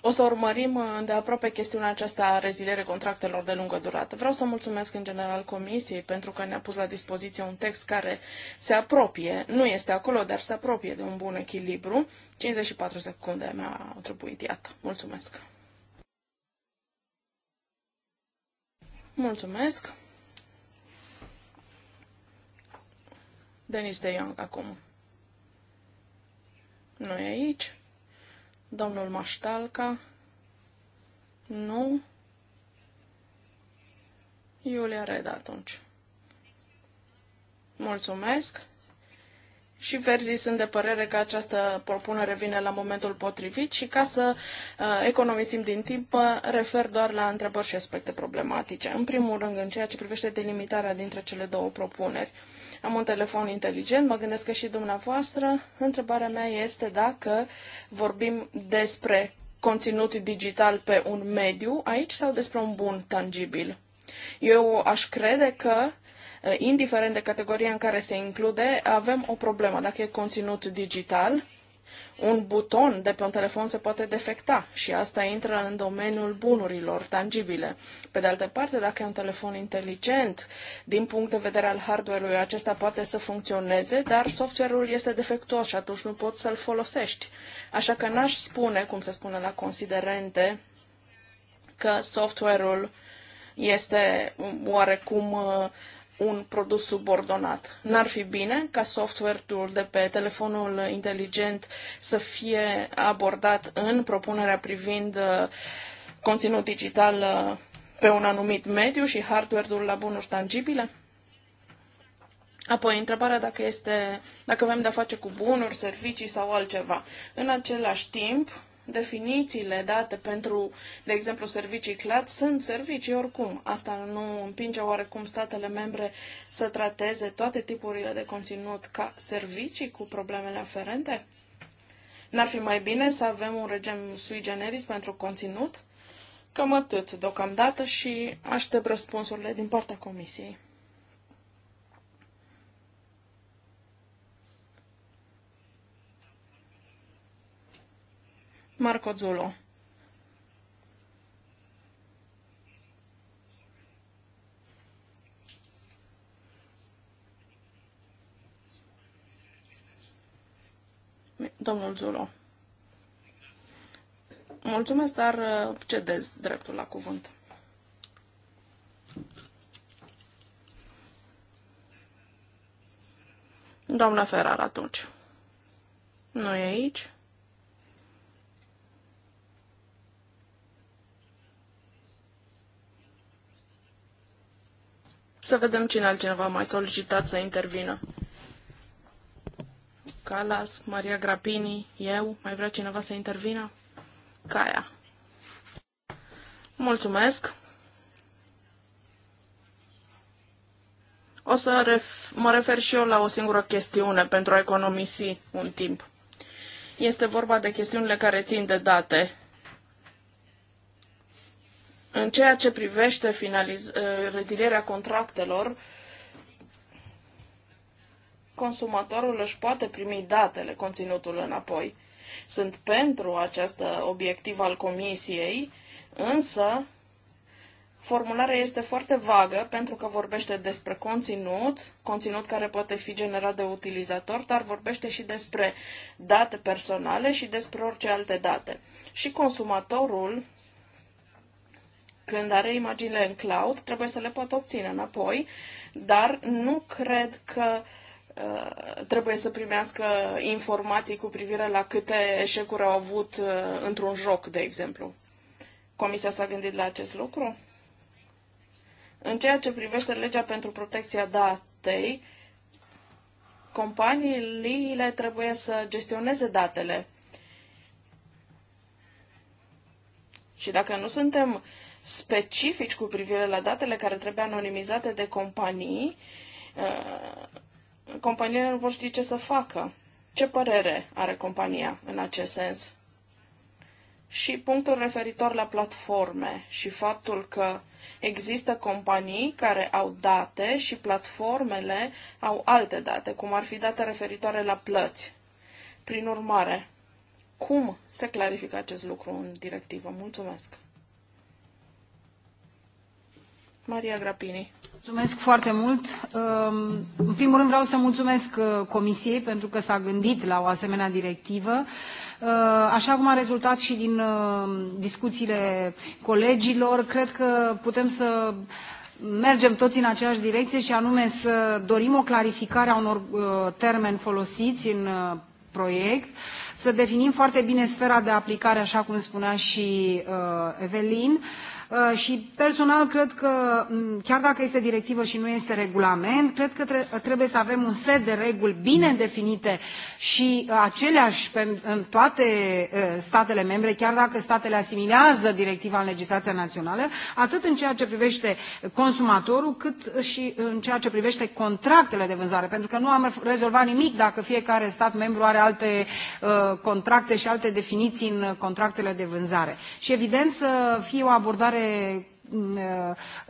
o să urmărim uh, de aproape chestiunea aceasta a rezilierei contractelor de lungă durată. Vreau să mulțumesc în general Comisiei pentru că ne-a pus la dispoziție un text care se apropie, nu este acolo, dar se apropie de un bun echilibru. 54 secunde mi-a trebuit, iată. Mulțumesc! Mulțumesc! Denis de Young acum. Nu e aici. Domnul Maștalca. Nu. Iulia Red atunci. Mulțumesc. Și verzii sunt de părere că această propunere vine la momentul potrivit și ca să uh, economisim din timp, refer doar la întrebări și aspecte problematice. În primul rând, în ceea ce privește delimitarea dintre cele două propuneri. Uh, am un telefon inteligent, mă gândesc că și dumneavoastră. Întrebarea mea este dacă vorbim despre conținut digital pe un mediu aici sau despre un bun tangibil. Eu aș crede că eh, indiferent de categoria în care se include, avem o problemă. Dacă e conținut digital, un buton de pe un telefon se poate defecta și asta intră în domeniul bunurilor tangibile. Pe de altă parte, dacă e un telefon inteligent, din punct de vedere al hardware-ului, acesta poate să funcționeze, dar software-ul este defectuos și atunci nu poți să-l folosești. Așa că n-aș spune, cum se spune la considerente, că software-ul este oarecum uh, un produs subordonat. N-ar fi bine ca software-ul de pe telefonul inteligent să fie abordat în propunerea privind uh, conținut digital uh, pe un anumit mediu și hardware-ul la bunuri tangibile? Apoi, întrebarea dacă, este, dacă avem de-a face cu bunuri, servicii sau altceva. În același timp, definițiile date pentru, de exemplu, servicii CLAT sunt servicii oricum. Asta nu împinge oarecum statele membre să trateze toate tipurile de conținut ca servicii cu problemele aferente? N-ar fi mai bine să avem un regim sui generis pentru conținut? Cam atât deocamdată și aștept răspunsurile din partea Comisiei. Marco Zulo. Domnul Zulo. Mulțumesc, dar uh, cedez dreptul la cuvânt. Doamna Ferrar atunci. Nu e aici. Să vedem cine altcineva mai solicitat să intervină. Calas, Maria Grapini, eu, mai vrea cineva să intervină? Caia. Mulțumesc. O să ref- mă refer și eu la o singură chestiune pentru a economisi un timp. Este vorba de chestiunile care țin de date în ceea ce privește finaliz- eh, rezilierea contractelor, consumatorul își poate primi datele, conținutul înapoi. Sunt pentru acest obiectiv al comisiei, însă formularea este foarte vagă pentru că vorbește despre conținut, conținut care poate fi generat de utilizator, dar vorbește și despre date personale și despre orice alte date. Și consumatorul când are imaginile în cloud, trebuie să le poată obține înapoi, dar nu cred că uh, trebuie să primească informații cu privire la câte eșecuri au avut uh, într-un joc, de exemplu. Comisia s-a gândit la acest lucru? În ceea ce privește legea pentru protecția datei, companiile trebuie să gestioneze datele. Și dacă nu suntem specifici cu privire la datele care trebuie anonimizate de companii, uh, companiile nu vor ști ce să facă. Ce părere are compania în acest sens? Și punctul referitor la platforme și faptul că există companii care au date și platformele au alte date, cum ar fi date referitoare la plăți. Prin urmare, cum se clarifică acest lucru în directivă? Mulțumesc! Maria Grapini. Mulțumesc foarte mult. Ehm, în primul rând vreau să mulțumesc uh, Comisiei pentru că s-a gândit la o asemenea directivă. Uh, așa cum a rezultat și din uh, discuțiile colegilor, cred că putem să mergem toți în aceeași direcție și anume să dorim o clarificare a unor termeni folosiți în proiect, să definim foarte bine sfera de aplicare, așa cum spunea și Evelin, Uh, și personal cred că, mm, chiar dacă este directivă și nu este regulament, cred că trebuie să avem un set de reguli bine definite și uh, aceleași în toate uh, statele membre, chiar dacă statele asimilează directiva în legislația națională, atât în ceea ce privește consumatorul, cât și în ceea ce privește contractele de vânzare, pentru că nu am rezolvat nimic dacă fiecare stat membru are alte contracte și alte definiții în contractele de vânzare. Și evident să fie o abordare Uh,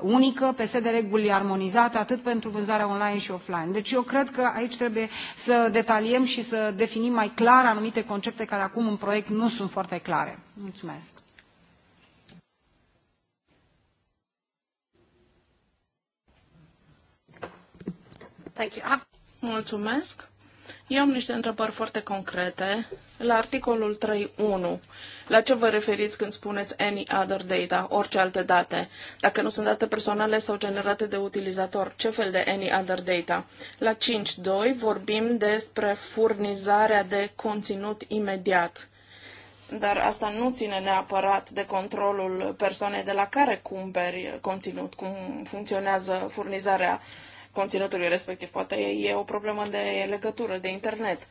unică, pe set de reguli armonizate, atât pentru vânzarea online și offline. Deci eu cred că aici trebuie să detaliem și să definim mai clar anumite concepte care acum în proiect nu sunt foarte clare. Mulțumesc. Thank you. Mulțumesc. Eu am niște întrebări foarte concrete. La articolul 3.1 la ce vă referiți când spuneți any other data, orice alte date? Dacă nu sunt date personale sau generate de utilizator, ce fel de any other data? La 5.2 vorbim despre furnizarea de conținut imediat dar asta nu ține neapărat de controlul persoanei de la care cumperi conținut, cum funcționează furnizarea conținutului respectiv. Poate e o problemă de legătură, de internet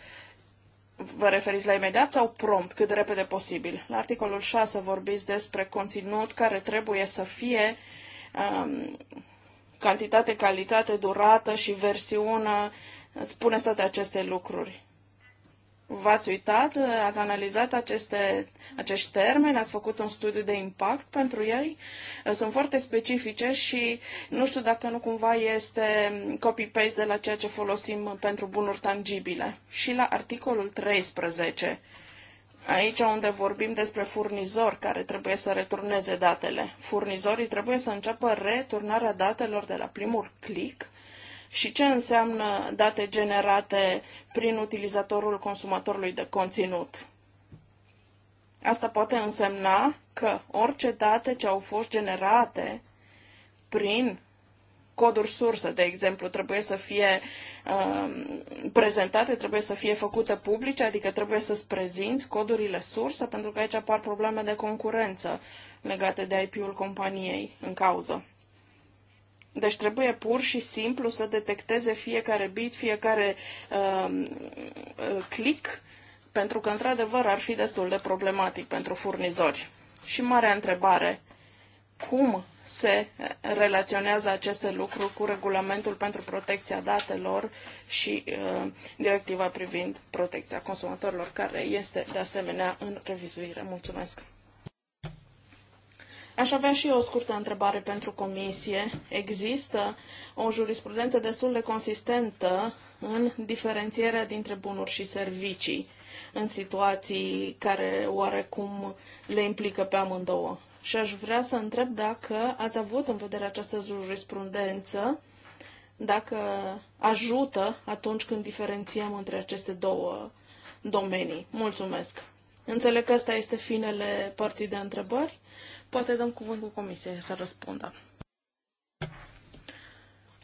vă referiți la imediat sau prompt, cât de repede posibil. La articolul 6 vorbiți despre conținut care trebuie să fie um, cantitate, calitate, durată și versiune. Spuneți toate aceste lucruri. V-ați uitat, ați analizat aceste, acești termeni, ați făcut un studiu de impact pentru ei. Sunt foarte specifice și nu știu dacă nu cumva este copy-paste de la ceea ce folosim pentru bunuri tangibile. Și la articolul 13, aici unde vorbim despre furnizor care trebuie să returneze datele. Furnizorii trebuie să înceapă returnarea datelor de la primul click și ce înseamnă date generate prin utilizatorul consumatorului de conținut. Asta poate însemna că orice date ce au fost generate prin coduri sursă, de exemplu, trebuie să fie um, prezentate, trebuie să fie făcute publice, adică trebuie să-ți prezinți codurile sursă, pentru că aici apar probleme de concurență legate de IP-ul companiei în cauză. Deci trebuie pur și simplu să detecteze fiecare bit, fiecare um, uh, click, pentru că, într-adevăr, ar fi destul de problematic pentru furnizori. Și marea întrebare, cum se relaționează aceste lucruri cu regulamentul pentru protecția datelor și uh, directiva privind protecția consumatorilor, care este de asemenea în revizuire. Mulțumesc! Aș avea și eu o scurtă întrebare pentru comisie. Există o jurisprudență destul de consistentă în diferențierea dintre bunuri și servicii în situații care oarecum le implică pe amândouă. Și aș vrea să întreb dacă ați avut în vedere această jurisprudență, dacă ajută atunci când diferențiem între aceste două domenii. Mulțumesc! Înțeleg că asta este finele părții de întrebări. Poate dăm cuvântul comisiei să răspundă.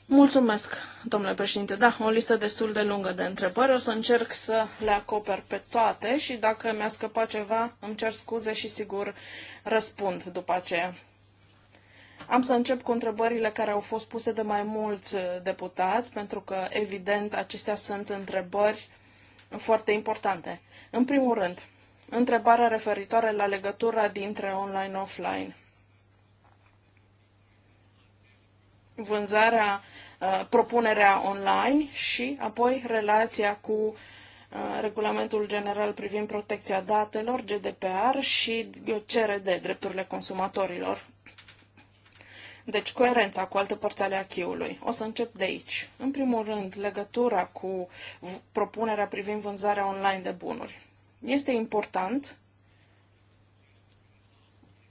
Mulțumesc, domnule președinte. Da, o listă destul de lungă de întrebări. O să încerc să le acoper pe toate și dacă mi-a scăpat ceva, îmi cer scuze și sigur răspund după aceea. Am să încep cu întrebările care au fost puse de mai mulți deputați, pentru că, evident, acestea sunt întrebări foarte importante. În primul rând, Întrebarea referitoare la legătura dintre online-offline. Vânzarea, uh, propunerea online și apoi relația cu uh, Regulamentul General privind protecția datelor, GDPR și CRD, drepturile consumatorilor. Deci, coerența cu alte părți ale achiului. O să încep de aici. În primul rând, legătura cu propunerea privind vânzarea online de bunuri. Este important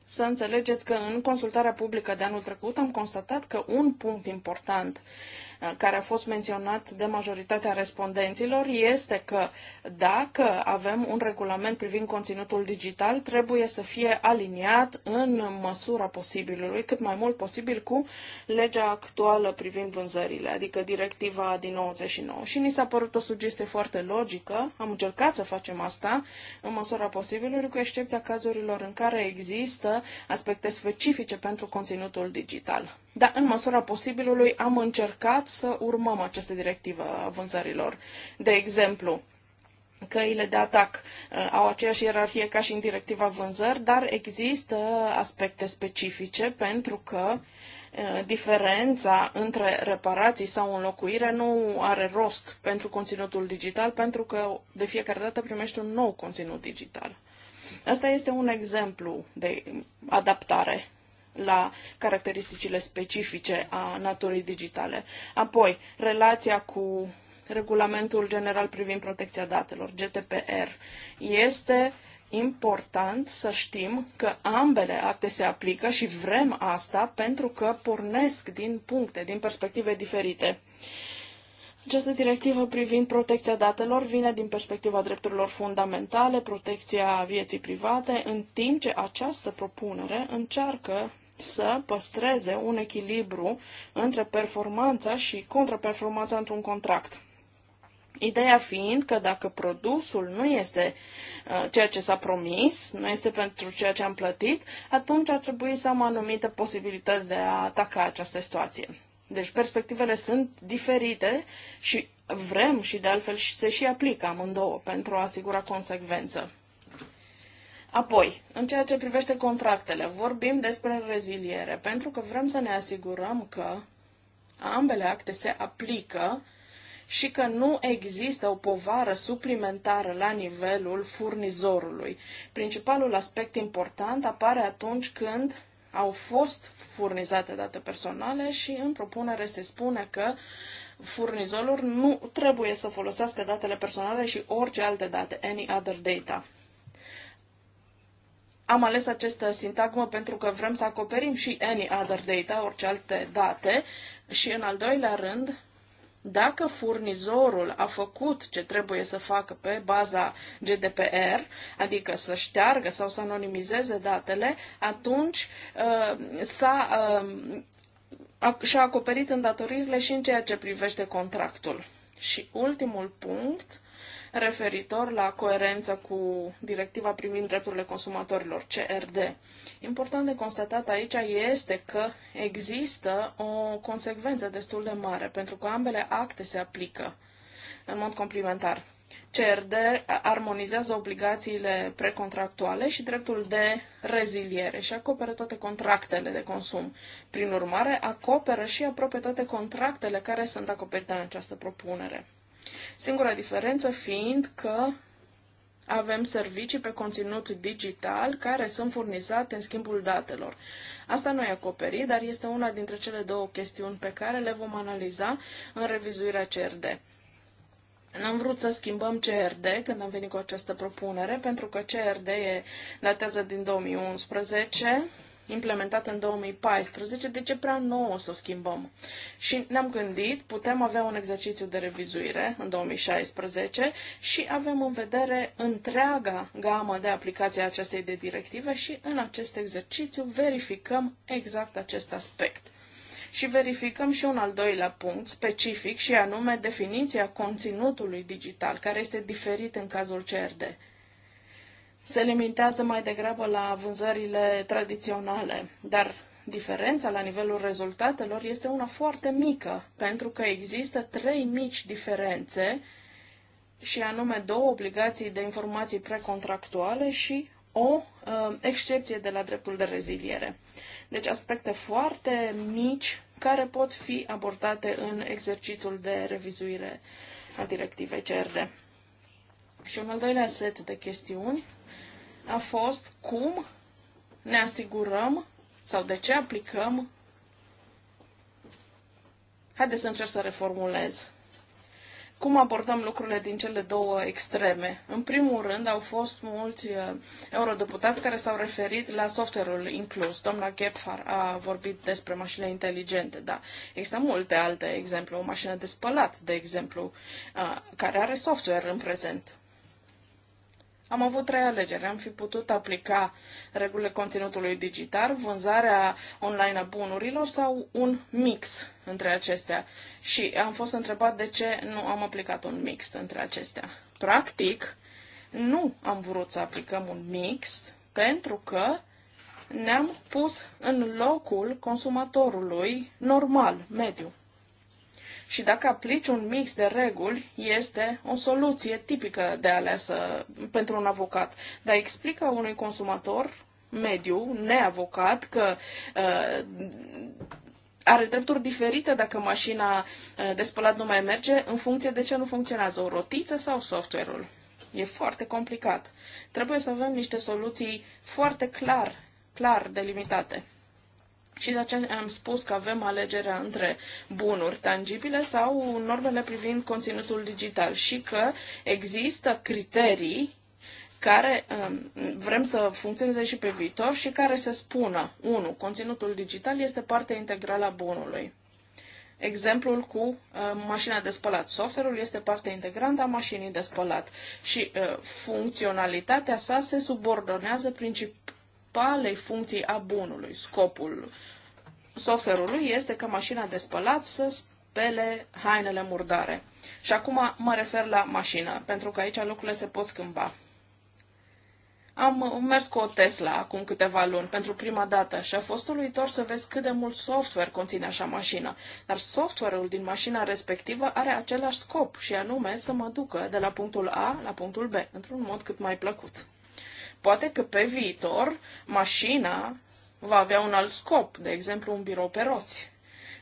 să înțelegeți că în consultarea publică de anul trecut am constatat că un punct important Uh, care a fost menționat de majoritatea respondenților este că dacă avem un regulament privind conținutul digital, trebuie să fie aliniat în măsura posibilului, cât mai mult posibil cu legea actuală privind vânzările, adică directiva din 99. Și ni s-a părut o sugestie foarte logică, am încercat să facem asta în măsura posibilului, cu excepția cazurilor în care există aspecte specifice pentru conținutul digital dar în măsura posibilului am încercat să urmăm această directivă a vânzărilor. De exemplu, căile de atac uh, au aceeași ierarhie ca și în directiva vânzări, dar există aspecte specifice pentru că uh, diferența între reparații sau înlocuire nu are rost pentru conținutul digital, pentru că de fiecare dată primești un nou conținut digital. Asta este un exemplu de adaptare la caracteristicile specifice a naturii digitale. Apoi, relația cu Regulamentul General privind protecția datelor, GDPR, este important să știm că ambele acte se aplică și vrem asta pentru că pornesc din puncte, din perspective diferite. Această directivă privind protecția datelor vine din perspectiva drepturilor fundamentale, protecția vieții private, în timp ce această propunere încearcă să păstreze un echilibru între performanța și contraperformanța într-un contract. Ideea fiind că dacă produsul nu este uh, ceea ce s-a promis, nu este pentru ceea ce am plătit, atunci ar trebui să am anumite posibilități de a ataca această situație. Deci perspectivele sunt diferite și vrem și de altfel se și aplică amândouă pentru a asigura consecvență. Apoi, în ceea ce privește contractele, vorbim despre reziliere, pentru că vrem să ne asigurăm că ambele acte se aplică și că nu există o povară suplimentară la nivelul furnizorului. Principalul aspect important apare atunci când au fost furnizate date personale și în propunere se spune că furnizorul nu trebuie să folosească datele personale și orice alte date, any other data. Am ales această sintagmă pentru că vrem să acoperim și any other data, orice alte date, și în al doilea rând, dacă furnizorul a făcut ce trebuie să facă pe baza GDPR, adică să șteargă sau să anonimizeze datele, atunci uh, s-a, uh, și-a acoperit îndatoririle și în ceea ce privește contractul. Și ultimul punct, referitor la coerență cu directiva privind drepturile consumatorilor, CRD. Important de constatat aici este că există o consecvență destul de mare, pentru că ambele acte se aplică în mod complementar. CRD armonizează obligațiile precontractuale și dreptul de reziliere și acoperă toate contractele de consum. Prin urmare, acoperă și aproape toate contractele care sunt acoperite în această propunere. Singura diferență fiind că avem servicii pe conținut digital care sunt furnizate în schimbul datelor. Asta nu e acoperit, dar este una dintre cele două chestiuni pe care le vom analiza în revizuirea CRD. N-am vrut să schimbăm CRD când am venit cu această propunere, pentru că CRD e, datează din 2011 implementat în 2014, de ce prea nouă să o schimbăm. Și ne-am gândit, putem avea un exercițiu de revizuire în 2016 și avem în vedere întreaga gamă de aplicație a acestei de directive și în acest exercițiu verificăm exact acest aspect și verificăm și un al doilea punct specific și anume definiția conținutului digital, care este diferit în cazul CRD se limitează mai degrabă la vânzările tradiționale, dar diferența la nivelul rezultatelor este una foarte mică, pentru că există trei mici diferențe, și anume două obligații de informații precontractuale și o uh, excepție de la dreptul de reziliere. Deci aspecte foarte mici care pot fi abordate în exercițiul de revizuire a directivei CRD. Și un al doilea set de chestiuni a fost cum ne asigurăm sau de ce aplicăm. Haideți să încerc să reformulez. Cum abordăm lucrurile din cele două extreme? În primul rând, au fost mulți uh, eurodeputați care s-au referit la software-ul inclus. Domnul Gepfar a vorbit despre mașinile inteligente, da. Există multe alte exemple. O mașină de spălat, de exemplu, uh, care are software în prezent. Am avut trei alegeri. Am fi putut aplica regulile conținutului digital, vânzarea online a bunurilor sau un mix între acestea. Și am fost întrebat de ce nu am aplicat un mix între acestea. Practic, nu am vrut să aplicăm un mix pentru că ne-am pus în locul consumatorului normal, mediu. Și dacă aplici un mix de reguli, este o soluție tipică de aleasă pentru un avocat. Dar explică unui consumator mediu, neavocat, că uh, are drepturi diferite dacă mașina uh, de spălat nu mai merge în funcție de ce nu funcționează, o rotiță sau software-ul. E foarte complicat. Trebuie să avem niște soluții foarte clar, clar delimitate. Și de aceea am spus că avem alegerea între bunuri tangibile sau normele privind conținutul digital și că există criterii care um, vrem să funcționeze și pe viitor și care se spună, 1. Conținutul digital este parte integrală a bunului. Exemplul cu uh, mașina de spălat. Software-ul este parte integrantă a mașinii de spălat și uh, funcționalitatea sa se subordonează princip- principalei funcții a bunului. Scopul software-ului este ca mașina de spălat să spele hainele murdare. Și acum mă refer la mașină, pentru că aici lucrurile se pot schimba. Am mers cu o Tesla acum câteva luni, pentru prima dată, și a fost uluitor să vezi cât de mult software conține așa mașină. Dar software-ul din mașina respectivă are același scop, și anume să mă ducă de la punctul A la punctul B, într-un mod cât mai plăcut. Poate că pe viitor mașina va avea un alt scop, de exemplu un birou pe roți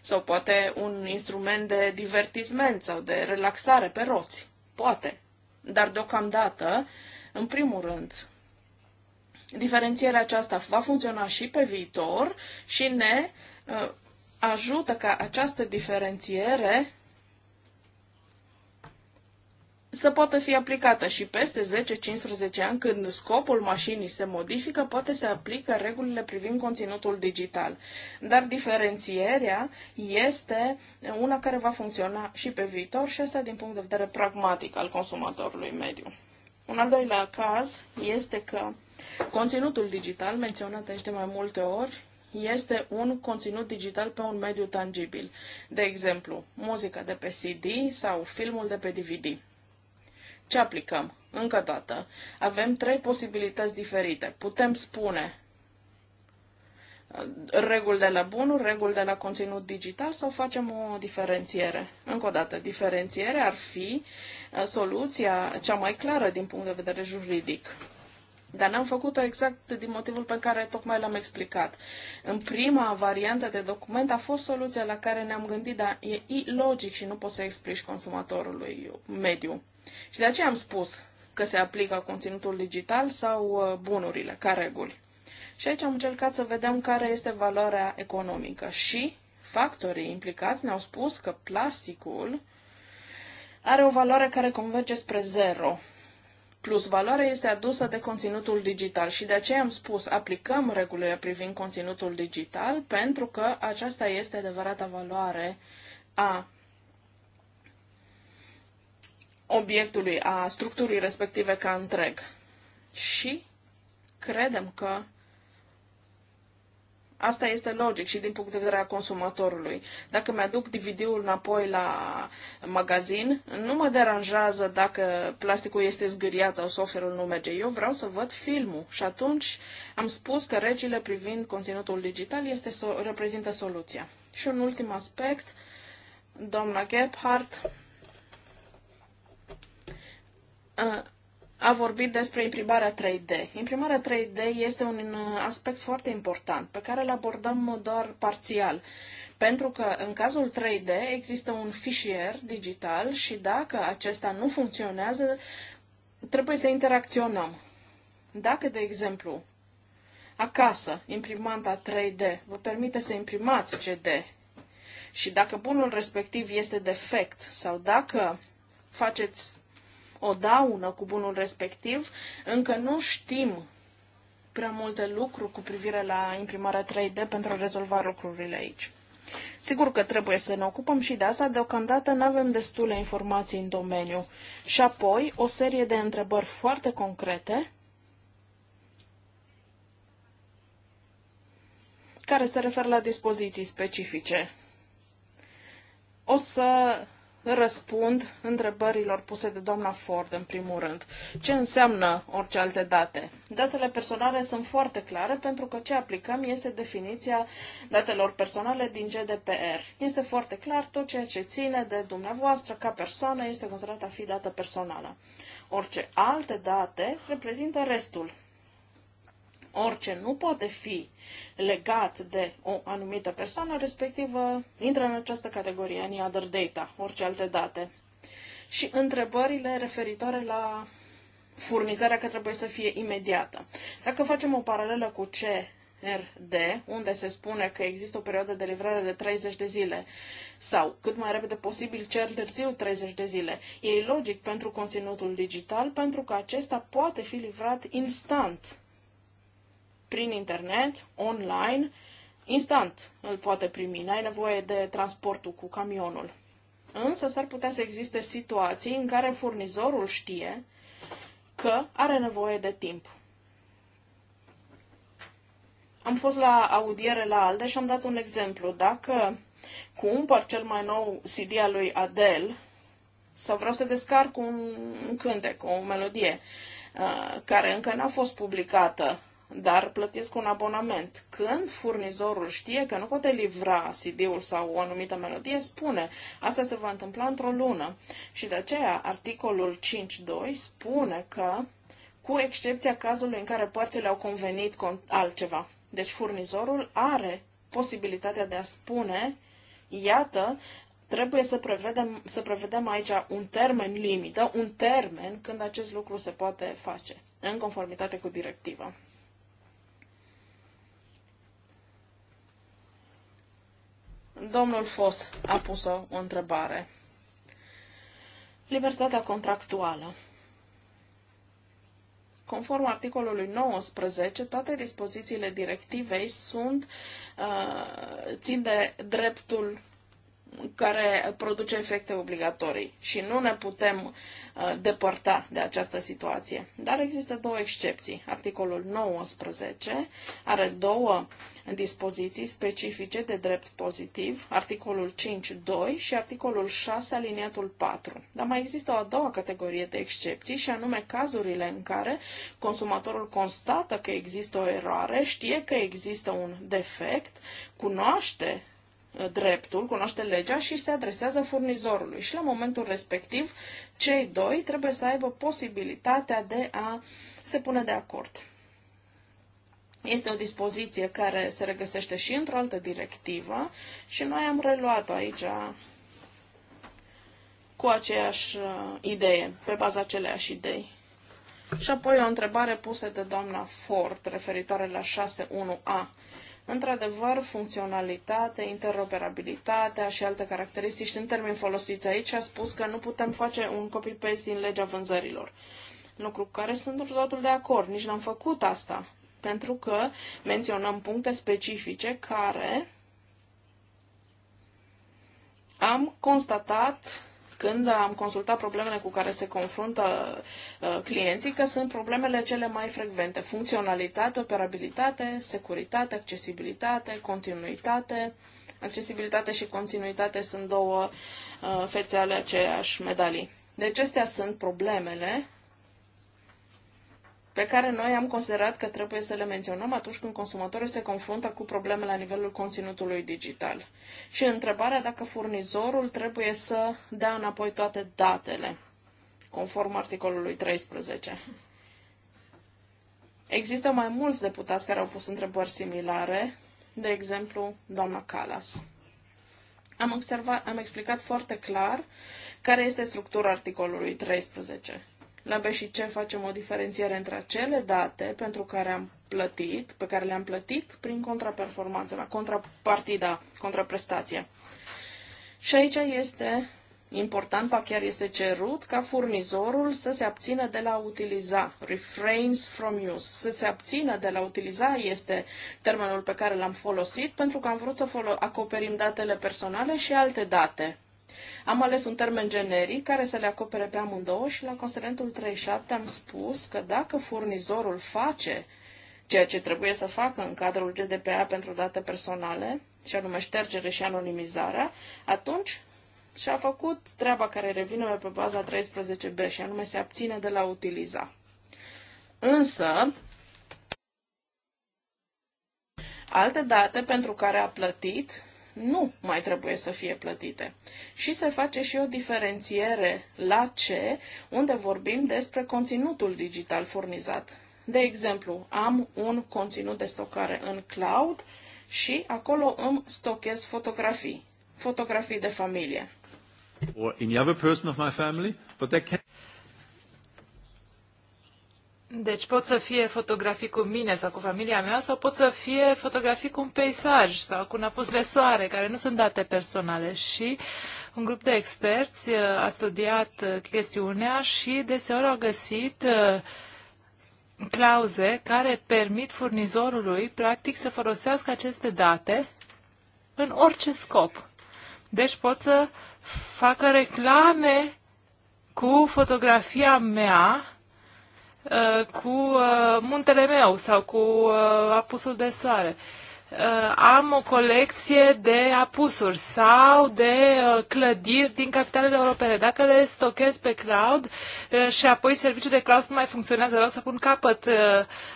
sau poate un instrument de divertisment sau de relaxare pe roți. Poate. Dar deocamdată, în primul rând, diferențierea aceasta va funcționa și pe viitor și ne uh, ajută ca această diferențiere să poată fi aplicată și peste 10-15 ani, când scopul mașinii se modifică, poate să aplică regulile privind conținutul digital. Dar diferențierea este una care va funcționa și pe viitor și asta din punct de vedere pragmatic al consumatorului mediu. Un al doilea caz este că conținutul digital, menționat aici de mai multe ori, este un conținut digital pe un mediu tangibil, de exemplu, muzica de pe CD sau filmul de pe DVD. Ce aplicăm? Încă o dată, avem trei posibilități diferite. Putem spune uh, reguli de la bunuri, reguli de la conținut digital sau facem o diferențiere? Încă o dată, diferențiere ar fi uh, soluția cea mai clară din punct de vedere juridic. Dar n-am făcut-o exact din motivul pe care tocmai l-am explicat. În prima variantă de document a fost soluția la care ne-am gândit, dar e ilogic și nu poți să explici consumatorului mediu. Și de aceea am spus că se aplică conținutul digital sau uh, bunurile, ca reguli. Și aici am încercat să vedem care este valoarea economică și factorii implicați ne-au spus că plasticul are o valoare care converge spre zero plus valoare este adusă de conținutul digital și de aceea am spus aplicăm regulile privind conținutul digital pentru că aceasta este adevărata valoare a obiectului, a structurii respective ca întreg. Și credem că Asta este logic și din punct de vedere al consumatorului. Dacă mi-aduc DVD-ul înapoi la magazin, nu mă deranjează dacă plasticul este zgâriat sau software-ul nu merge. Eu vreau să văd filmul și atunci am spus că regile privind conținutul digital este, reprezintă soluția. Și un ultim aspect, doamna Gebhardt, uh, a vorbit despre imprimarea 3D. Imprimarea 3D este un uh, aspect foarte important pe care îl abordăm doar parțial. Pentru că în cazul 3D există un fișier digital și dacă acesta nu funcționează, trebuie să interacționăm. Dacă, de exemplu, acasă imprimanta 3D vă permite să imprimați CD și dacă bunul respectiv este defect sau dacă faceți o daună cu bunul respectiv. Încă nu știm prea multe lucruri cu privire la imprimarea 3D pentru a rezolva lucrurile aici. Sigur că trebuie să ne ocupăm și de asta, deocamdată nu avem destule informații în domeniu. Și apoi o serie de întrebări foarte concrete care se referă la dispoziții specifice. O să răspund întrebărilor puse de doamna Ford, în primul rând. Ce înseamnă orice alte date? Datele personale sunt foarte clare pentru că ce aplicăm este definiția datelor personale din GDPR. Este foarte clar tot ceea ce ține de dumneavoastră ca persoană este considerat a fi dată personală. Orice alte date reprezintă restul orice nu poate fi legat de o anumită persoană, respectiv uh, intră în această categorie, any other data, orice alte date. Și întrebările referitoare la furnizarea care trebuie să fie imediată. Dacă facem o paralelă cu ce RD, unde se spune că există o perioadă de livrare de 30 de zile sau cât mai repede posibil cer târziu 30 de zile. E logic pentru conținutul digital pentru că acesta poate fi livrat instant prin internet, online, instant îl poate primi. N-ai nevoie de transportul cu camionul. Însă s-ar putea să existe situații în care furnizorul știe că are nevoie de timp. Am fost la audiere la ALDE și am dat un exemplu. Dacă cumpăr cel mai nou CD al lui Adele sau vreau să descarc un cântec, o melodie uh, care încă n-a fost publicată dar plătesc un abonament. Când furnizorul știe că nu poate livra CD-ul sau o anumită melodie, spune, asta se va întâmpla într-o lună. Și de aceea articolul 5.2 spune că, cu excepția cazului în care părțile au convenit altceva. Deci furnizorul are posibilitatea de a spune, iată, trebuie să prevedem, să prevedem aici un termen limită, un termen când acest lucru se poate face, în conformitate cu directiva. Domnul Fos a pus o întrebare. Libertatea contractuală. Conform articolului 19, toate dispozițiile directivei sunt, uh, țin de dreptul care produce efecte obligatorii și nu ne putem uh, depărta de această situație. Dar există două excepții. Articolul 19 are două dispoziții specifice de drept pozitiv, articolul 5.2 și articolul 6 aliniatul 4. Dar mai există o a doua categorie de excepții și anume cazurile în care consumatorul constată că există o eroare, știe că există un defect, cunoaște dreptul, cunoaște legea și se adresează furnizorului. Și la momentul respectiv, cei doi trebuie să aibă posibilitatea de a se pune de acord. Este o dispoziție care se regăsește și într-o altă directivă și noi am reluat-o aici cu aceeași uh, idee, pe baza aceleași idei. Și apoi o întrebare pusă de doamna Ford referitoare la 61A. Într-adevăr, funcționalitate, interoperabilitatea și alte caracteristici sunt termeni folosiți aici și a spus că nu putem face un copy-paste din legea vânzărilor. Lucru cu care sunt totul de acord, nici n-am făcut asta, pentru că menționăm puncte specifice care am constatat când am consultat problemele cu care se confruntă uh, clienții, că sunt problemele cele mai frecvente. Funcționalitate, operabilitate, securitate, accesibilitate, continuitate. Accesibilitate și continuitate sunt două uh, fețe ale aceeași medalii. Deci acestea sunt problemele pe care noi am considerat că trebuie să le menționăm atunci când consumatorul se confruntă cu probleme la nivelul conținutului digital. Și întrebarea dacă furnizorul trebuie să dea înapoi toate datele, conform articolului 13. Există mai mulți deputați care au pus întrebări similare, de exemplu, doamna Calas. Am, observat, am explicat foarte clar care este structura articolului 13 la B și C facem o diferențiere între acele date pentru care am plătit, pe care le-am plătit prin contraperformanță, la contrapartida, contraprestație. Și aici este important, pa chiar este cerut ca furnizorul să se abțină de la utiliza, refrains from use. Să se abțină de la utiliza este termenul pe care l-am folosit pentru că am vrut să acoperim datele personale și alte date am ales un termen generic care să le acopere pe amândouă și la considerentul 37 am spus că dacă furnizorul face ceea ce trebuie să facă în cadrul GDPA pentru date personale, și anume ștergere și anonimizarea, atunci și-a făcut treaba care revine pe baza 13b și anume se abține de la utiliza. Însă, alte date pentru care a plătit nu mai trebuie să fie plătite. Și se face și o diferențiere la ce, unde vorbim despre conținutul digital furnizat. De exemplu, am un conținut de stocare în cloud și acolo îmi stochez fotografii, fotografii de familie. Or any other person of my family, but they can... Deci pot să fie fotografii cu mine sau cu familia mea sau pot să fie fotografii cu un peisaj sau cu un apus de soare, care nu sunt date personale. Și un grup de experți uh, a studiat uh, chestiunea și deseori au găsit uh, clauze care permit furnizorului, practic, să folosească aceste date în orice scop. Deci pot să facă reclame cu fotografia mea Uh, cu uh, muntele meu sau cu uh, apusul de soare. Uh, Uh, am o colecție de apusuri sau de uh, clădiri din capitalele europene. Dacă le stochez pe cloud uh, și apoi serviciul de cloud nu mai funcționează, vreau să pun capăt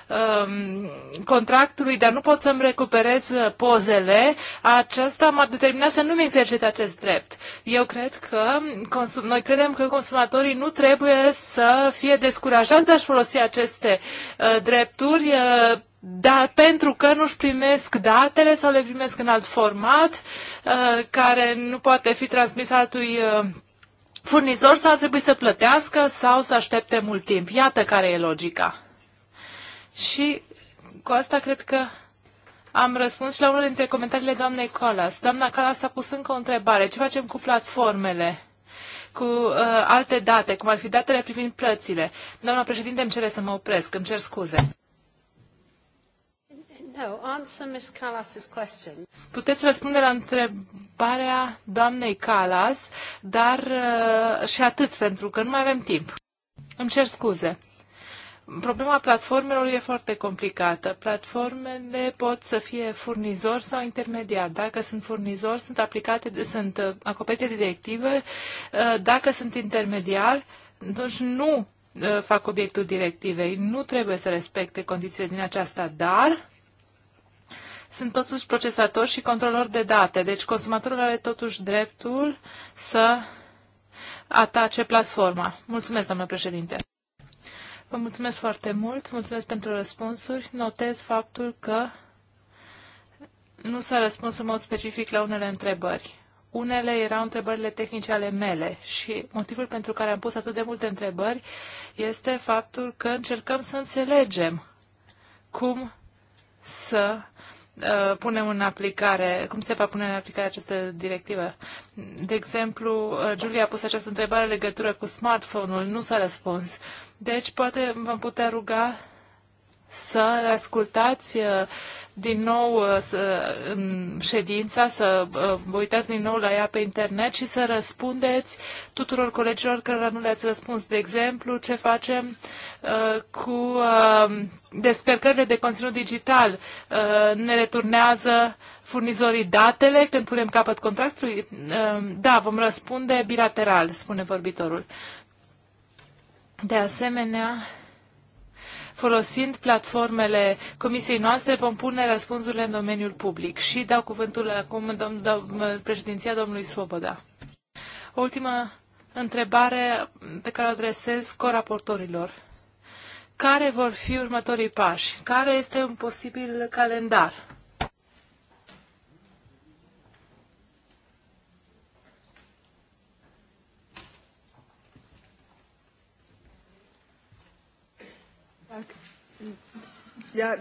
um, contractului, dar nu pot să-mi recuperez pozele, aceasta m a determinat să nu-mi exercit acest drept. Eu cred că consum- noi credem că consumatorii nu trebuie să fie descurajați de a-și folosi aceste uh, drepturi uh, da, pentru că nu-și primesc datele sau le primesc în alt format uh, care nu poate fi transmis altui uh, furnizor sau trebuie să plătească sau să aștepte mult timp. Iată care e logica. Și cu asta cred că am răspuns și la unul dintre comentariile doamnei Colas. Doamna Colas a pus încă o întrebare. Ce facem cu platformele? cu uh, alte date, cum ar fi datele privind plățile. Doamna președinte, îmi cere să mă opresc, îmi cer scuze. No, answer Ms. Callas's question. Puteți răspunde la întrebarea doamnei Calas, dar uh, și atât, pentru că nu mai avem timp. Îmi cer scuze. Problema platformelor e foarte complicată. Platformele pot să fie furnizori sau intermediari. Dacă sunt furnizori, sunt aplicate, sunt uh, acoperite de directive. Uh, dacă sunt intermediari, atunci nu uh, fac obiectul directivei. Nu trebuie să respecte condițiile din aceasta, dar sunt totuși procesatori și controlori de date. Deci consumatorul are totuși dreptul să atace platforma. Mulțumesc, doamnă președinte. Vă mulțumesc foarte mult, mulțumesc pentru răspunsuri. Notez faptul că nu s-a răspuns în mod specific la unele întrebări. Unele erau întrebările tehnice ale mele și motivul pentru care am pus atât de multe întrebări este faptul că încercăm să înțelegem cum să Uh, punem în aplicare, cum se va pune în aplicare această directivă. De exemplu, uh, Julia a pus această întrebare în legătură cu smartphone-ul, nu s-a răspuns. Deci, poate vă putea ruga să ascultați uh, din nou uh, să, ședința, să vă uh, uitați din nou la ea pe internet și să răspundeți tuturor colegilor care nu le-ați răspuns. De exemplu, ce facem cu descărcările de conținut digital? ne returnează furnizorii datele când punem capăt contractului? Da, vom răspunde bilateral, spune vorbitorul. De asemenea, folosind platformele comisiei noastre, vom pune răspunsurile în domeniul public. Și dau cuvântul acum dom- dom- președinția domnului Svoboda. O ultimă întrebare pe care o adresez coraportorilor. Care vor fi următorii pași? Care este un posibil calendar?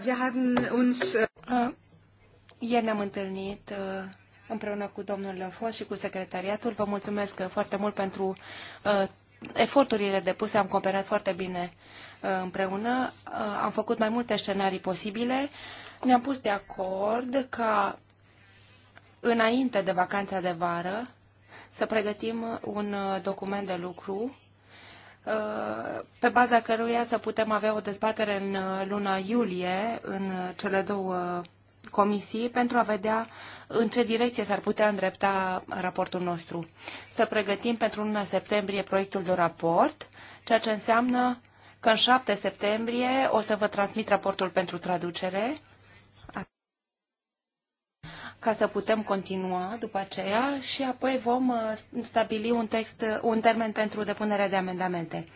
wir haben uns... Äh, uh, ieri ne-am întâlnit uh, împreună cu domnul Fos și cu secretariatul. Vă mulțumesc foarte mult pentru uh, eforturile depuse. Am cooperat foarte bine împreună. Am făcut mai multe scenarii posibile. Ne-am pus de acord ca înainte de vacanța de vară să pregătim un document de lucru pe baza căruia să putem avea o dezbatere în uh, luna iulie, în uh, cele două comisii, pentru a vedea în ce direcție s-ar putea îndrepta raportul nostru. Să pregătim pentru luna septembrie proiectul de raport, ceea ce înseamnă că în 7 septembrie o să vă transmit raportul pentru traducere ca să putem continua după aceea și apoi vom uh, stabili un text, uh, un termen pentru depunerea de amendamente.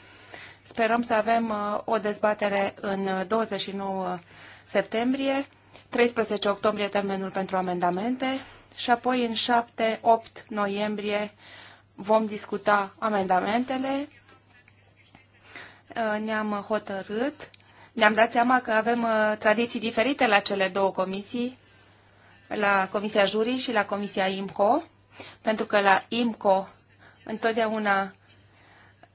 Sperăm să avem uh, o dezbatere în 29 septembrie, 13 octombrie termenul pentru amendamente și apoi în 7-8 noiembrie vom discuta amendamentele. Ne-am hotărât, ne-am dat seama că avem tradiții diferite la cele două comisii la Comisia Jurii și la Comisia IMCO, pentru că la IMCO întotdeauna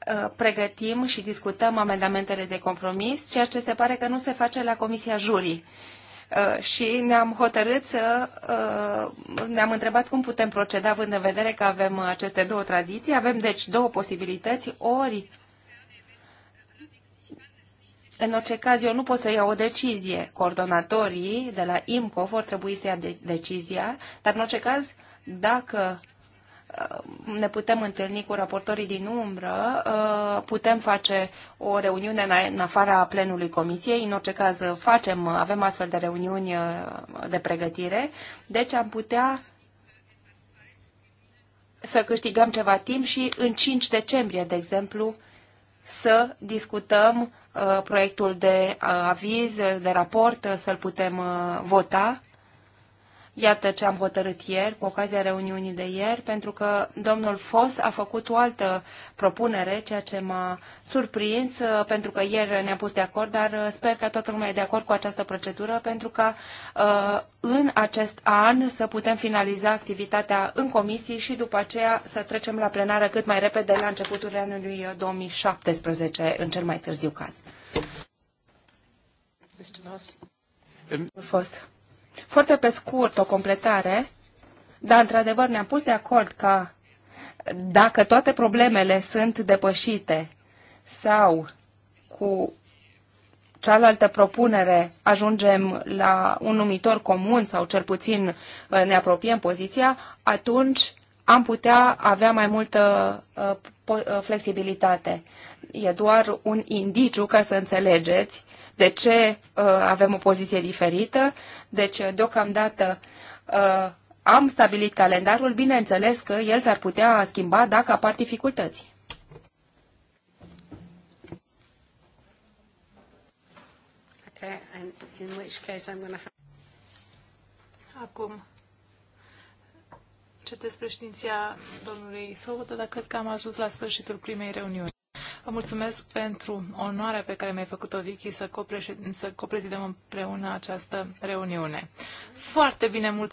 ă, pregătim și discutăm amendamentele de compromis, ceea ce se pare că nu se face la Comisia Jurii. Ă, și ne-am hotărât să ă, ne-am întrebat cum putem proceda, având în vedere că avem aceste două tradiții. Avem deci două posibilități, ori în orice caz, eu nu pot să iau o decizie. Coordonatorii de la IMCO vor trebui să ia de- decizia, dar în orice caz, dacă uh, ne putem întâlni cu raportorii din umbră, uh, putem face o reuniune în afara plenului comisiei, în orice caz uh, facem, avem astfel de reuniuni de pregătire, deci am putea să câștigăm ceva timp și în 5 decembrie, de exemplu, să discutăm Uh, proiectul de uh, aviz, de raport, uh, să-l putem vota Iată ce am hotărât ieri, cu ocazia reuniunii de ieri, pentru că domnul Fos a făcut o altă propunere, ceea ce m-a surprins, uh, pentru că ieri ne-am pus de acord, dar uh, sper că toată lumea e de acord cu această procedură, pentru că uh, în acest an să putem finaliza activitatea în comisii și după aceea să trecem la plenară cât mai repede la începutul anului 2017, în cel mai târziu caz. Mr. Voss. Fost. Foarte pe scurt, o completare, dar într-adevăr ne-am pus de acord că dacă toate problemele sunt depășite sau cu cealaltă propunere ajungem la un numitor comun sau cel puțin uh, ne apropiem poziția, atunci am putea avea mai multă uh, uh, flexibilitate. E doar un indiciu ca să înțelegeți de ce avem o poziție diferită deci, deocamdată, uh, am stabilit calendarul, bineînțeles că el s-ar putea schimba dacă apar dificultăți. Okay, and in which case I'm gonna... Acum domnului Sobotă, dar cred că am ajuns la sfârșitul primei reuniuni. Vă mulțumesc pentru onoarea pe care mi-ai făcut-o, Vicky, să, copreșed... să coprezidăm împreună această reuniune. Foarte bine, mulțumesc!